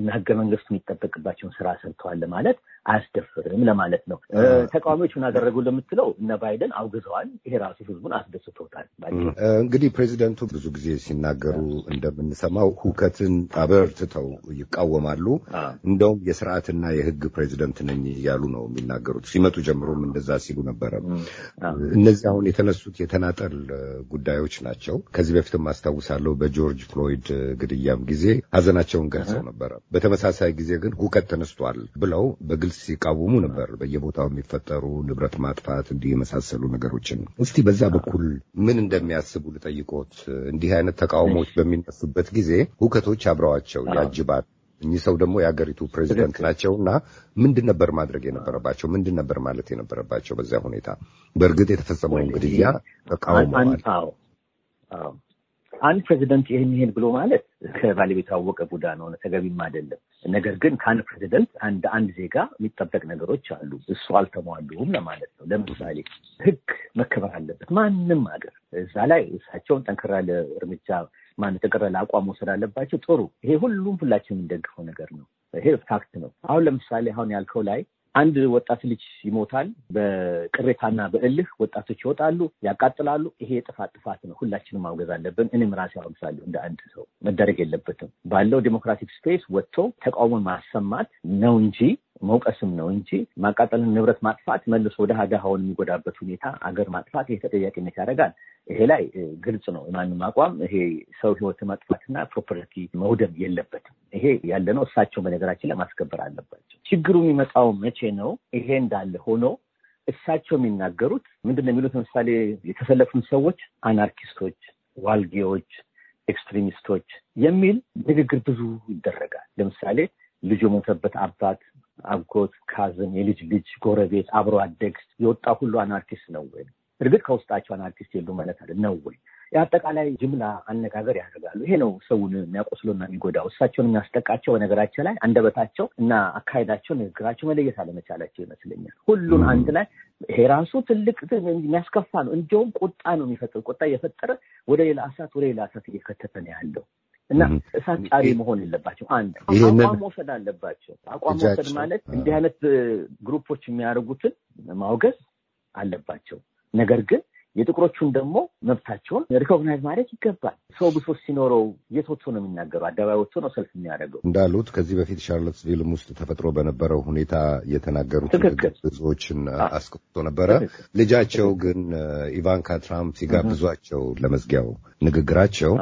እና ህገ መንግስቱ የሚጠበቅባቸውን ስራ ሰርተዋል ማለት አያስደፍርም ለማለት ነው። ተቃዋሚዎች ምን አደረጉ ለምትለው እነ ባይደን አውግዘዋል። ይሄ ራሱ ህዝቡን አስደስቶታል። እንግዲህ ፕሬዚደንቱ ብዙ ጊዜ ሲናገሩ እንደምንሰማው ሁከትን አበርትተው ይቃወማሉ። እንደውም የስርዓትና የህግ ፕሬዚደንት ነኝ እያሉ ነው የሚናገሩት። ሲመጡ ጀምሮም እንደዛ ሲሉ ነበረ። እነዚህ አሁን የተነሱት የተናጠል ጉዳዮች ናቸው። ከዚህ በፊትም አስታውሳለሁ በጆርጅ ፍሎይድ ግድያም ጊዜ ሀዘናቸውን ገልጸው ነበረ። በተመሳሳይ ጊዜ ግን ሁከት ተነስቷል ብለው በግል በግልጽ ሲቃወሙ ነበር። በየቦታው የሚፈጠሩ ንብረት ማጥፋት እንዲህ የመሳሰሉ ነገሮችን እስቲ በዛ በኩል ምን እንደሚያስቡ ልጠይቆት። እንዲህ አይነት ተቃውሞዎች በሚነሱበት ጊዜ ሁከቶች አብረዋቸው ያጅባል። እኚህ ሰው ደግሞ የሀገሪቱ ፕሬዚደንት ናቸው እና ምንድን ነበር ማድረግ የነበረባቸው? ምንድን ነበር ማለት የነበረባቸው? በዚያ ሁኔታ በእርግጥ የተፈጸመው ግድያ ተቃውመዋል። አንድ ፕሬዚደንት ይህን ይሄን ብሎ ማለት ከባለቤቱ አወቀ ቡዳ ነው፣ ተገቢም አይደለም። ነገር ግን ከአንድ ፕሬዚደንት አንድ አንድ ዜጋ የሚጠበቅ ነገሮች አሉ። እሱ አልተሟሉም ለማለት ነው። ለምሳሌ ህግ መከበር አለበት ማንም ሀገር። እዛ ላይ እሳቸውን ጠንከር ያለ እርምጃ ማን ጠንከር ያለ አቋም መውሰድ አለባቸው። ጥሩ፣ ይሄ ሁሉም ሁላቸው የሚደግፈው ነገር ነው። ይሄ ፋክት ነው። አሁን ለምሳሌ አሁን ያልከው ላይ አንድ ወጣት ልጅ ይሞታል። በቅሬታና በእልህ ወጣቶች ይወጣሉ፣ ያቃጥላሉ። ይሄ የጥፋት ጥፋት ነው። ሁላችንም ማውገዝ አለብን። እኔም ራሴ አወግዛለሁ። እንደ አንድ ሰው መደረግ የለበትም። ባለው ዲሞክራቲክ ስፔስ ወጥቶ ተቃውሞን ማሰማት ነው እንጂ መውቀስም ነው እንጂ ማቃጠልን ንብረት ማጥፋት መልሶ ወደ ድሃውን የሚጎዳበት ሁኔታ አገር ማጥፋት ይህ ተጠያቂነት ያደርጋል። ይሄ ላይ ግልጽ ነው የማንም አቋም። ይሄ ሰው ህይወት ማጥፋትና ፕሮፐርቲ መውደም የለበትም። ይሄ ያለ ነው። እሳቸው በነገራችን ላይ ማስከበር አለባቸው። ችግሩ የሚመጣው መቼ ነው? ይሄ እንዳለ ሆኖ እሳቸው የሚናገሩት ምንድን ነው የሚሉት? ለምሳሌ የተሰለፉን ሰዎች አናርኪስቶች፣ ዋልጌዎች፣ ኤክስትሪሚስቶች የሚል ንግግር ብዙ ይደረጋል። ለምሳሌ ልጅ የሞተበት አባት አጎት፣ ካዝን፣ የልጅ ልጅ፣ ጎረቤት፣ አብሮ አደግ የወጣ ሁሉ አናርኪስት ነው ወይ? እርግጥ ከውስጣቸው አናርኪስት የሉ ማለት አለ ነው ወይ? የአጠቃላይ ጅምላ አነጋገር ያደርጋሉ። ይሄ ነው ሰውን የሚያቆስሎና የሚጎዳው። እሳቸውን የሚያስጠቃቸው በነገራቸው ላይ አንደበታቸው እና አካሄዳቸው፣ ንግግራቸው መለየት አለመቻላቸው ይመስለኛል። ሁሉን አንድ ላይ ይሄ ራሱ ትልቅ የሚያስከፋ ነው። እንዲሁም ቁጣ ነው የሚፈጥር ቁጣ እየፈጠረ ወደ ሌላ እሳት ወደ ሌላ እሳት እየከተተ ነው ያለው እና እሳት ጫሪ መሆን የለባቸው። አንድ አቋም መውሰድ አለባቸው። አቋም መውሰድ ማለት እንዲህ አይነት ግሩፖች የሚያደርጉትን ማውገዝ አለባቸው። ነገር ግን የጥቁሮቹን ደግሞ መብታቸውን ሪኮግናይዝ ማድረግ ይገባል። ሰው ብሶ ሲኖረው የት ወጥቶ ነው የሚናገረው? አደባባይ ወጥቶ ነው ሰልፍ የሚያደርገው? እንዳሉት ከዚህ በፊት ሻርሎትስቪልም ውስጥ ተፈጥሮ በነበረው ሁኔታ የተናገሩት ብዙዎችን አስቆጥቶ ነበረ። ልጃቸው ግን ኢቫንካ ትራምፕ ሲጋብዟቸው ለመዝጊያው ንግግራቸው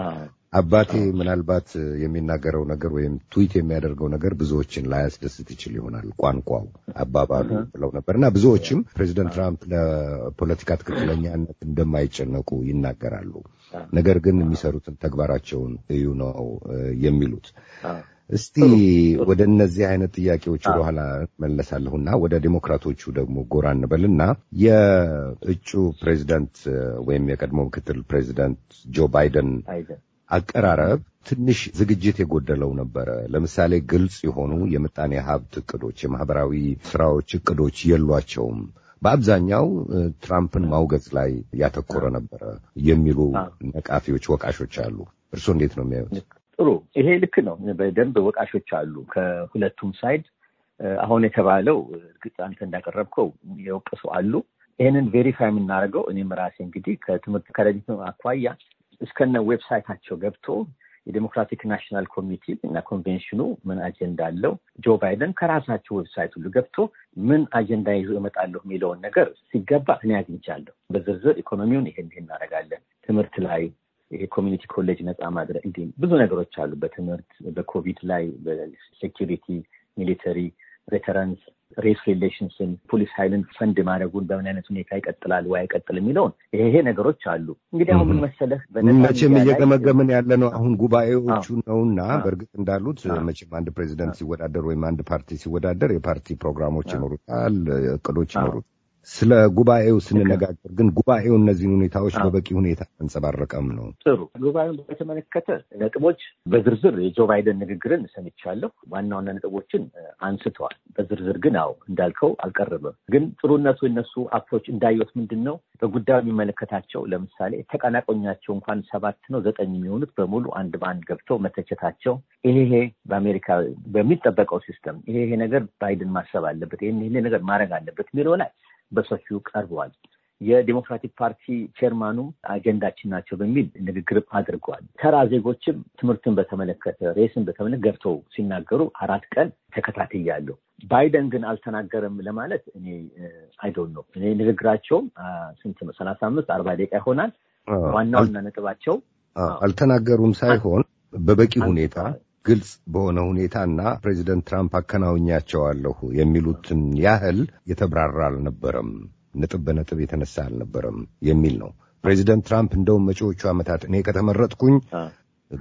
አባቴ ምናልባት የሚናገረው ነገር ወይም ትዊት የሚያደርገው ነገር ብዙዎችን ላያስደስት ይችል ይሆናል፣ ቋንቋው አባባሉ ብለው ነበር እና ብዙዎችም ፕሬዚደንት ትራምፕ ለፖለቲካ ትክክለኛነት እንደማይጨነቁ ይናገራሉ። ነገር ግን የሚሰሩትን ተግባራቸውን እዩ ነው የሚሉት። እስቲ ወደ እነዚህ አይነት ጥያቄዎች በኋላ መለሳለሁና ወደ ዴሞክራቶቹ ደግሞ ጎራ እንበልና የእጩ ፕሬዚደንት ወይም የቀድሞ ምክትል ፕሬዚደንት ጆ ባይደን አቀራረብ ትንሽ ዝግጅት የጎደለው ነበረ። ለምሳሌ ግልጽ የሆኑ የምጣኔ ሀብት እቅዶች፣ የማህበራዊ ስራዎች እቅዶች የሏቸውም። በአብዛኛው ትራምፕን ማውገዝ ላይ ያተኮረ ነበረ የሚሉ ነቃፊዎች፣ ወቃሾች አሉ። እርስዎ እንዴት ነው የሚያዩት? ጥሩ፣ ይሄ ልክ ነው። በደንብ ወቃሾች አሉ ከሁለቱም ሳይድ። አሁን የተባለው እርግጥ አንተ እንዳቀረብከው የወቀሱ አሉ። ይህንን ቬሪፋይ የምናደርገው እኔም ራሴ እንግዲህ ከትምህርት ከረዲት አኳያ እስከነ ዌብሳይታቸው ገብቶ የዴሞክራቲክ ናሽናል ኮሚቴ እና ኮንቬንሽኑ ምን አጀንዳ አለው፣ ጆ ባይደን ከራሳቸው ዌብሳይት ሁሉ ገብቶ ምን አጀንዳ ይዞ እመጣለሁ የሚለውን ነገር ሲገባ እኔ አግኝቻለሁ። በዝርዝር ኢኮኖሚውን ይሄ እንዲህ እናደርጋለን፣ ትምህርት ላይ ይሄ ኮሚኒቲ ኮሌጅ ነፃ ማድረግ እንዲህ ብዙ ነገሮች አሉ። በትምህርት በኮቪድ ላይ በሴኪሪቲ ሚሊተሪ ቬተራንስ ሬስ ሪሌሽንስን ፖሊስ ኃይልን ፈንድ ማድረጉን በምን አይነት ሁኔታ ይቀጥላል ወይ አይቀጥል የሚለውን ይሄ ነገሮች አሉ። እንግዲህ አሁን ምን መሰለህ መቼም እየገመገምን ያለ ነው አሁን ጉባኤዎቹ ነውና፣ በእርግጥ እንዳሉት መቼም አንድ ፕሬዚደንት ሲወዳደር ወይም አንድ ፓርቲ ሲወዳደር የፓርቲ ፕሮግራሞች ይኖሩታል፣ እቅዶች ይኖሩታል ስለ ጉባኤው ስንነጋገር ግን ጉባኤው እነዚህን ሁኔታዎች በበቂ ሁኔታ አንጸባረቀም ነው። ጥሩ። ጉባኤውን በተመለከተ ነጥቦች በዝርዝር የጆ ባይደን ንግግርን ሰምቻለሁ። ዋና ዋና ነጥቦችን አንስተዋል። በዝርዝር ግን አው እንዳልከው አልቀረበም። ግን ጥሩነቱ የነሱ አፕሮች እንዳዩት ምንድን ነው በጉዳዩ የሚመለከታቸው ለምሳሌ ተቀናቆኛቸው እንኳን ሰባት ነው ዘጠኝ የሚሆኑት በሙሉ አንድ በአንድ ገብተው መተቸታቸው ይሄ በአሜሪካ በሚጠበቀው ሲስተም ይሄ ነገር ባይደን ማሰብ አለበት፣ ይሄ ነገር ማድረግ አለበት የሚለው ላይ በሰፊው ቀርበዋል። የዲሞክራቲክ ፓርቲ ቼርማኑም አጀንዳችን ናቸው በሚል ንግግር አድርገዋል። ተራ ዜጎችም ትምህርትን በተመለከተ ሬስን በተመለከተ ገብተው ሲናገሩ አራት ቀን ተከታትያለሁ። ባይደን ግን አልተናገረም ለማለት እኔ አይዶን ነው። እኔ ንግግራቸውም ስንት ነው ሰላሳ አምስት አርባ ደቂቃ ይሆናል። ዋናውና ነጥባቸው አልተናገሩም ሳይሆን በበቂ ሁኔታ ግልጽ በሆነ ሁኔታና ፕሬዚደንት ትራምፕ አከናውኛቸዋለሁ የሚሉትን ያህል የተብራራ አልነበረም፣ ነጥብ በነጥብ የተነሳ አልነበረም የሚል ነው። ፕሬዚደንት ትራምፕ እንደውም መጪዎቹ ዓመታት እኔ ከተመረጥኩኝ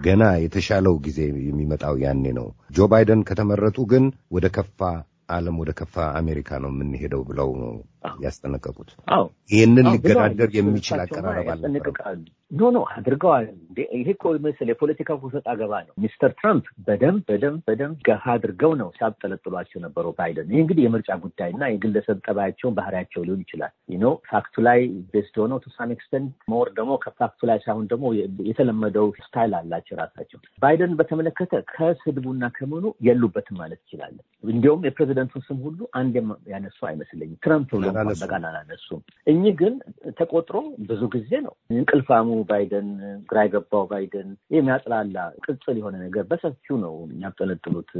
ገና የተሻለው ጊዜ የሚመጣው ያኔ ነው፣ ጆ ባይደን ከተመረጡ ግን ወደ ከፋ ዓለም ወደ ከፋ አሜሪካ ነው የምንሄደው ብለው ነው ያስጠነቀቁት። ይህንን ሊገዳደር የሚችል አቀራረብ ያስጠነቅቃሉ። ኖ ኖ አድርገዋል። ይሄ እኮ መሰለህ የፖለቲካ ውሰጥ አገባ ነው። ሚስተር ትራምፕ በደንብ በደንብ በደንብ ገፋ አድርገው ነው ሲያብጠለጥሏቸው ነበረው ባይደን። ይህ እንግዲህ የምርጫ ጉዳይ እና የግለሰብ ጠባያቸውን ባህሪያቸው ሊሆን ይችላል። ይኖ ፋክቱ ላይ ቤስት ሆነው ቱሳን ኤክስተንት መወር ደግሞ ከፋክቱ ላይ ሳይሆን ደግሞ የተለመደው ስታይል አላቸው ራሳቸው። ባይደን በተመለከተ ከስድቡና ከመኑ የሉበትም ማለት ይችላለን። እንዲሁም የፕሬዚደንቱን ስም ሁሉ አንድ ያነሱ አይመስለኝም ትራምፕ ብሎ በቀላል አለ። እሱም እኚህ ግን ተቆጥሮ ብዙ ጊዜ ነው እንቅልፋሙ ባይደን፣ ግራ የገባው ባይደን የሚያጥላላ ቅጽል የሆነ ነገር በሰፊው ነው የሚያጠለጥሉት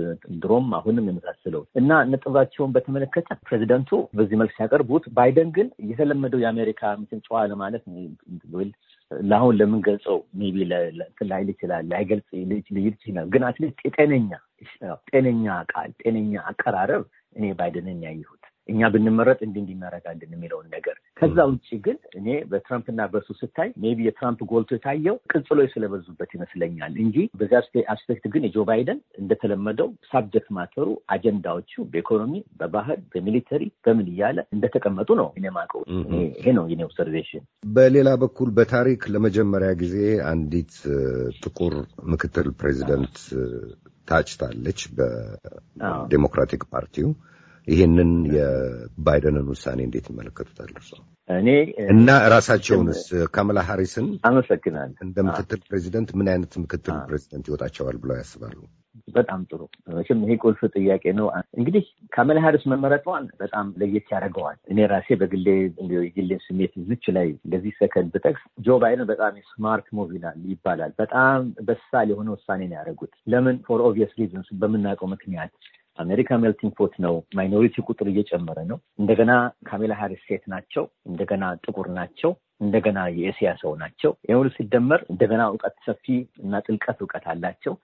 ድሮም አሁንም የመሳስለው እና ነጥባቸውን በተመለከተ ፕሬዚደንቱ በዚህ መልክ ሲያቀርቡት፣ ባይደን ግን የተለመደው የአሜሪካ ምትን ጨዋ ለማለት ለአሁን ለምንገልጸው ሜይ ቢ ላይል ይችላል ላይገልጽ ልይል ይችላል። ግን አትሊስት የጤነኛ ጤነኛ ቃል ጤነኛ አቀራረብ እኔ ባይደንን ያየሁት እኛ ብንመረጥ እንዲ እንዲመረጋልን የሚለውን ነገር ከዛ ውጭ ግን እኔ በትራምፕና በሱ ስታይ ሜቢ የትራምፕ ጎልቶ የታየው ቅጽሎ ስለበዙበት ይመስለኛል እንጂ በዚያ አስፔክት ግን የጆ ባይደን እንደተለመደው ሳብጀክት ማተሩ አጀንዳዎቹ በኢኮኖሚ፣ በባህል፣ በሚሊተሪ በምን እያለ እንደተቀመጡ ነው ማቀው። ይሄ ነው የኔ ኦብሰርቬሽን። በሌላ በኩል በታሪክ ለመጀመሪያ ጊዜ አንዲት ጥቁር ምክትል ፕሬዚደንት ታጭታለች በዴሞክራቲክ ፓርቲው ይህንን የባይደንን ውሳኔ እንዴት ይመለከቱታል እርሶ? እኔ እና ራሳቸውንስ ካመላ ሀሪስን አመሰግናል እንደ ምክትል ፕሬዚደንት ምን አይነት ምክትል ፕሬዚደንት ይወጣቸዋል ብለው ያስባሉ? በጣም ጥሩ። መቼም ይሄ ቁልፍ ጥያቄ ነው። እንግዲህ ካመላ ሀሪስ መመረጧን በጣም ለየት ያደርገዋል። እኔ ራሴ በግሌ የግሌን ስሜት ዝች ላይ ለዚህ ሰከንድ ብጠቅስ ጆ ባይደን በጣም ስማርት ሙቭ ይባላል። በጣም በሳል የሆነ ውሳኔ ነው ያደረጉት። ለምን ፎር ኦብቪየስ ሪዝንስ በምናውቀው ምክንያት አሜሪካ ሜልቲንግ ፖት ነው። ማይኖሪቲ ቁጥር እየጨመረ ነው። እንደገና ካሜላ ሀሪስ ሴት ናቸው። እንደገና ጥቁር ናቸው። እንደገና የእስያ ሰው ናቸው። ይህ ሁሉ ሲደመር እንደገና እውቀት ሰፊ እና ጥልቀት እውቀት አላቸው።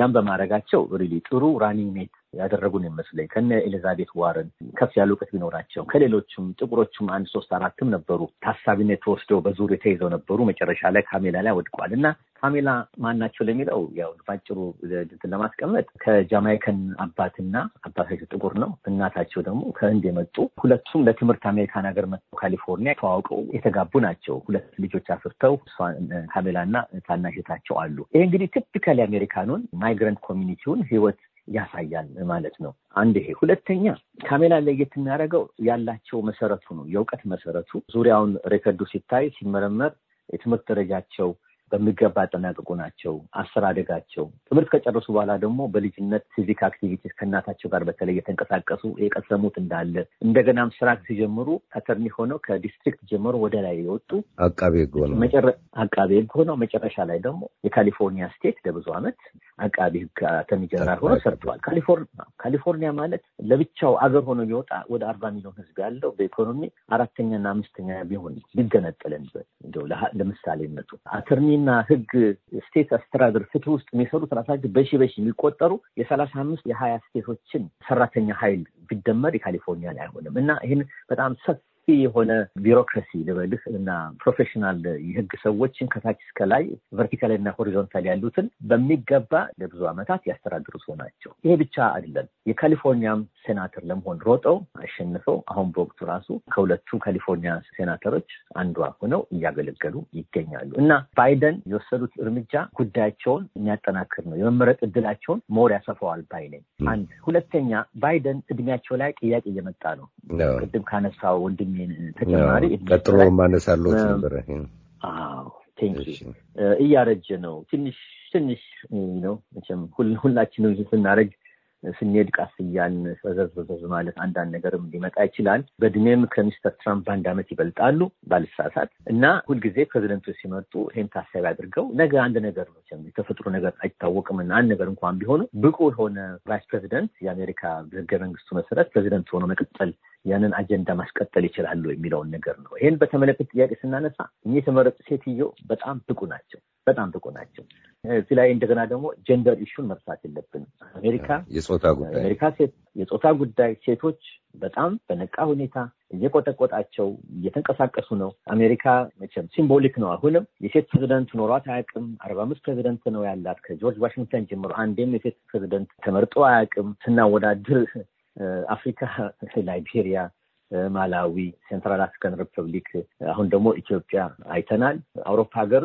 ያም በማድረጋቸው ሪሊ ጥሩ ራኒንግ ሜት ያደረጉን ይመስለኝ ከነ ኤሊዛቤት ዋረን ከፍ ያሉ እውቀት ቢኖራቸው ከሌሎችም ጥቁሮቹም አንድ ሶስት አራትም ነበሩ ታሳቢነት ተወስደው በዙር የተይዘው ነበሩ። መጨረሻ ላይ ካሜላ ላይ ወድቋል እና ካሜላ ማን ናቸው ለሚለው ያው ባጭሩ እንትን ለማስቀመጥ ከጃማይከን አባትና አባታቸው ጥቁር ነው፣ እናታቸው ደግሞ ከህንድ የመጡ ሁለቱም ለትምህርት አሜሪካን ሀገር መጡ ካሊፎርኒያ ተዋውቀው የተጋቡ ናቸው። ሁለት ልጆች አፍርተው ካሜላና ታናሽታቸው አሉ። ይሄ እንግዲህ ትፒካል የአሜሪካኑን ማይግረንት ኮሚኒቲውን ህይወት ያሳያል ማለት ነው። አንድ ይሄ ሁለተኛ ካሜላ ለየት የሚያደርገው ያላቸው መሰረቱ ነው። የእውቀት መሰረቱ ዙሪያውን ሬከርዱ ሲታይ ሲመረመር የትምህርት ደረጃቸው በሚገባ ያጠናቀቁ ናቸው። አስተዳደጋቸው ትምህርት ከጨረሱ በኋላ ደግሞ በልጅነት ፊዚክ አክቲቪቲ ከእናታቸው ጋር በተለይ የተንቀሳቀሱ የቀሰሙት እንዳለ እንደገናም ስራ ሲጀምሩ ተተርኒ ሆነው ከዲስትሪክት ጀምሮ ወደ ላይ የወጡ አቃቤ ህግ ሆነው አቃቤ ሆነው መጨረሻ ላይ ደግሞ የካሊፎርኒያ ስቴት ለብዙ ዓመት አቃቤ ህግ አተርኒ ጀነራል ሆነው ሰርተዋል። ካሊፎርኒያ ማለት ለብቻው አገር ሆኖ ቢወጣ ወደ አርባ ሚሊዮን ህዝብ ያለው በኢኮኖሚ አራተኛና አምስተኛ ቢሆን ቢገነጠለን ለምሳሌነቱ አተርኒ በፍትህና ህግ ስቴት አስተዳደር ፍትህ ውስጥ የሚሰሩት ህግ በሺ በሺ የሚቆጠሩ የሰላሳ አምስት የሀያ ስቴቶችን ሰራተኛ ሀይል ቢደመር የካሊፎርኒያ ላይ አይሆንም እና ይህን በጣም ሰፊ ሰፊ የሆነ ቢሮክራሲ ልበልህ እና ፕሮፌሽናል የህግ ሰዎችን ከታች እስከ ላይ ቨርቲካል እና ሆሪዞንታል ያሉትን በሚገባ ለብዙ ዓመታት ያስተዳድሩ ሰው ናቸው። ይሄ ብቻ አይደለም። የካሊፎርኒያም ሴናተር ለመሆን ሮጠው አሸንፈው አሁን በወቅቱ ራሱ ከሁለቱ ካሊፎርኒያ ሴናተሮች አንዷ ሆነው እያገለገሉ ይገኛሉ እና ባይደን የወሰዱት እርምጃ ጉዳያቸውን የሚያጠናክር ነው። የመመረጥ እድላቸውን ሞር ያሰፋዋል ባይ አንድ ሁለተኛ፣ ባይደን እድሜያቸው ላይ ጥያቄ እየመጣ ነው። ቅድም ካነሳው ወንድሜ ተጨማሪ ቀጥሎ ማነሳለት ነበረ። እያረጀ ነው ትንሽ ትንሽ ነው መቼም ሁላችንም ስናረጅ ስንሄድ ቀስ እያን ማለት አንዳንድ ነገርም ሊመጣ ይችላል። በእድሜም ከሚስተር ትራምፕ በአንድ አመት ይበልጣሉ ባልሳሳት እና ሁልጊዜ ፕሬዚደንቱ ሲመጡ ይህን ታሳቢ አድርገው ነገ አንድ ነገር ነው የተፈጥሮ ነገር አይታወቅም እና አንድ ነገር እንኳን ቢሆኑ ብቁ የሆነ ቫይስ ፕሬዚደንት የአሜሪካ ህገ መንግስቱ መሰረት ፕሬዚደንት ሆኖ መቀጠል ያንን አጀንዳ ማስቀጠል ይችላሉ የሚለውን ነገር ነው። ይህን በተመለከተ ጥያቄ ስናነሳ እኚህ የተመረጡ ሴትዮ በጣም ብቁ ናቸው፣ በጣም ብቁ ናቸው። እዚህ ላይ እንደገና ደግሞ ጀንደር ኢሹን መርሳት የለብንም። አሜሪካ የጾታ ጉዳይ አሜሪካ ሴት የጾታ ጉዳይ ሴቶች በጣም በነቃ ሁኔታ እየቆጠቆጣቸው እየተንቀሳቀሱ ነው። አሜሪካ መቼም ሲምቦሊክ ነው። አሁንም የሴት ፕሬዚደንት ኖሯት አያውቅም። አርባ አምስት ፕሬዚደንት ነው ያላት ከጆርጅ ዋሽንግተን ጀምሮ አንዴም የሴት ፕሬዚደንት ተመርጦ አያውቅም። ስናወዳድር አፍሪካ ላይቤሪያ፣ ማላዊ፣ ሴንትራል አፍሪካን ሪፐብሊክ፣ አሁን ደግሞ ኢትዮጵያ አይተናል። አውሮፓ ሀገር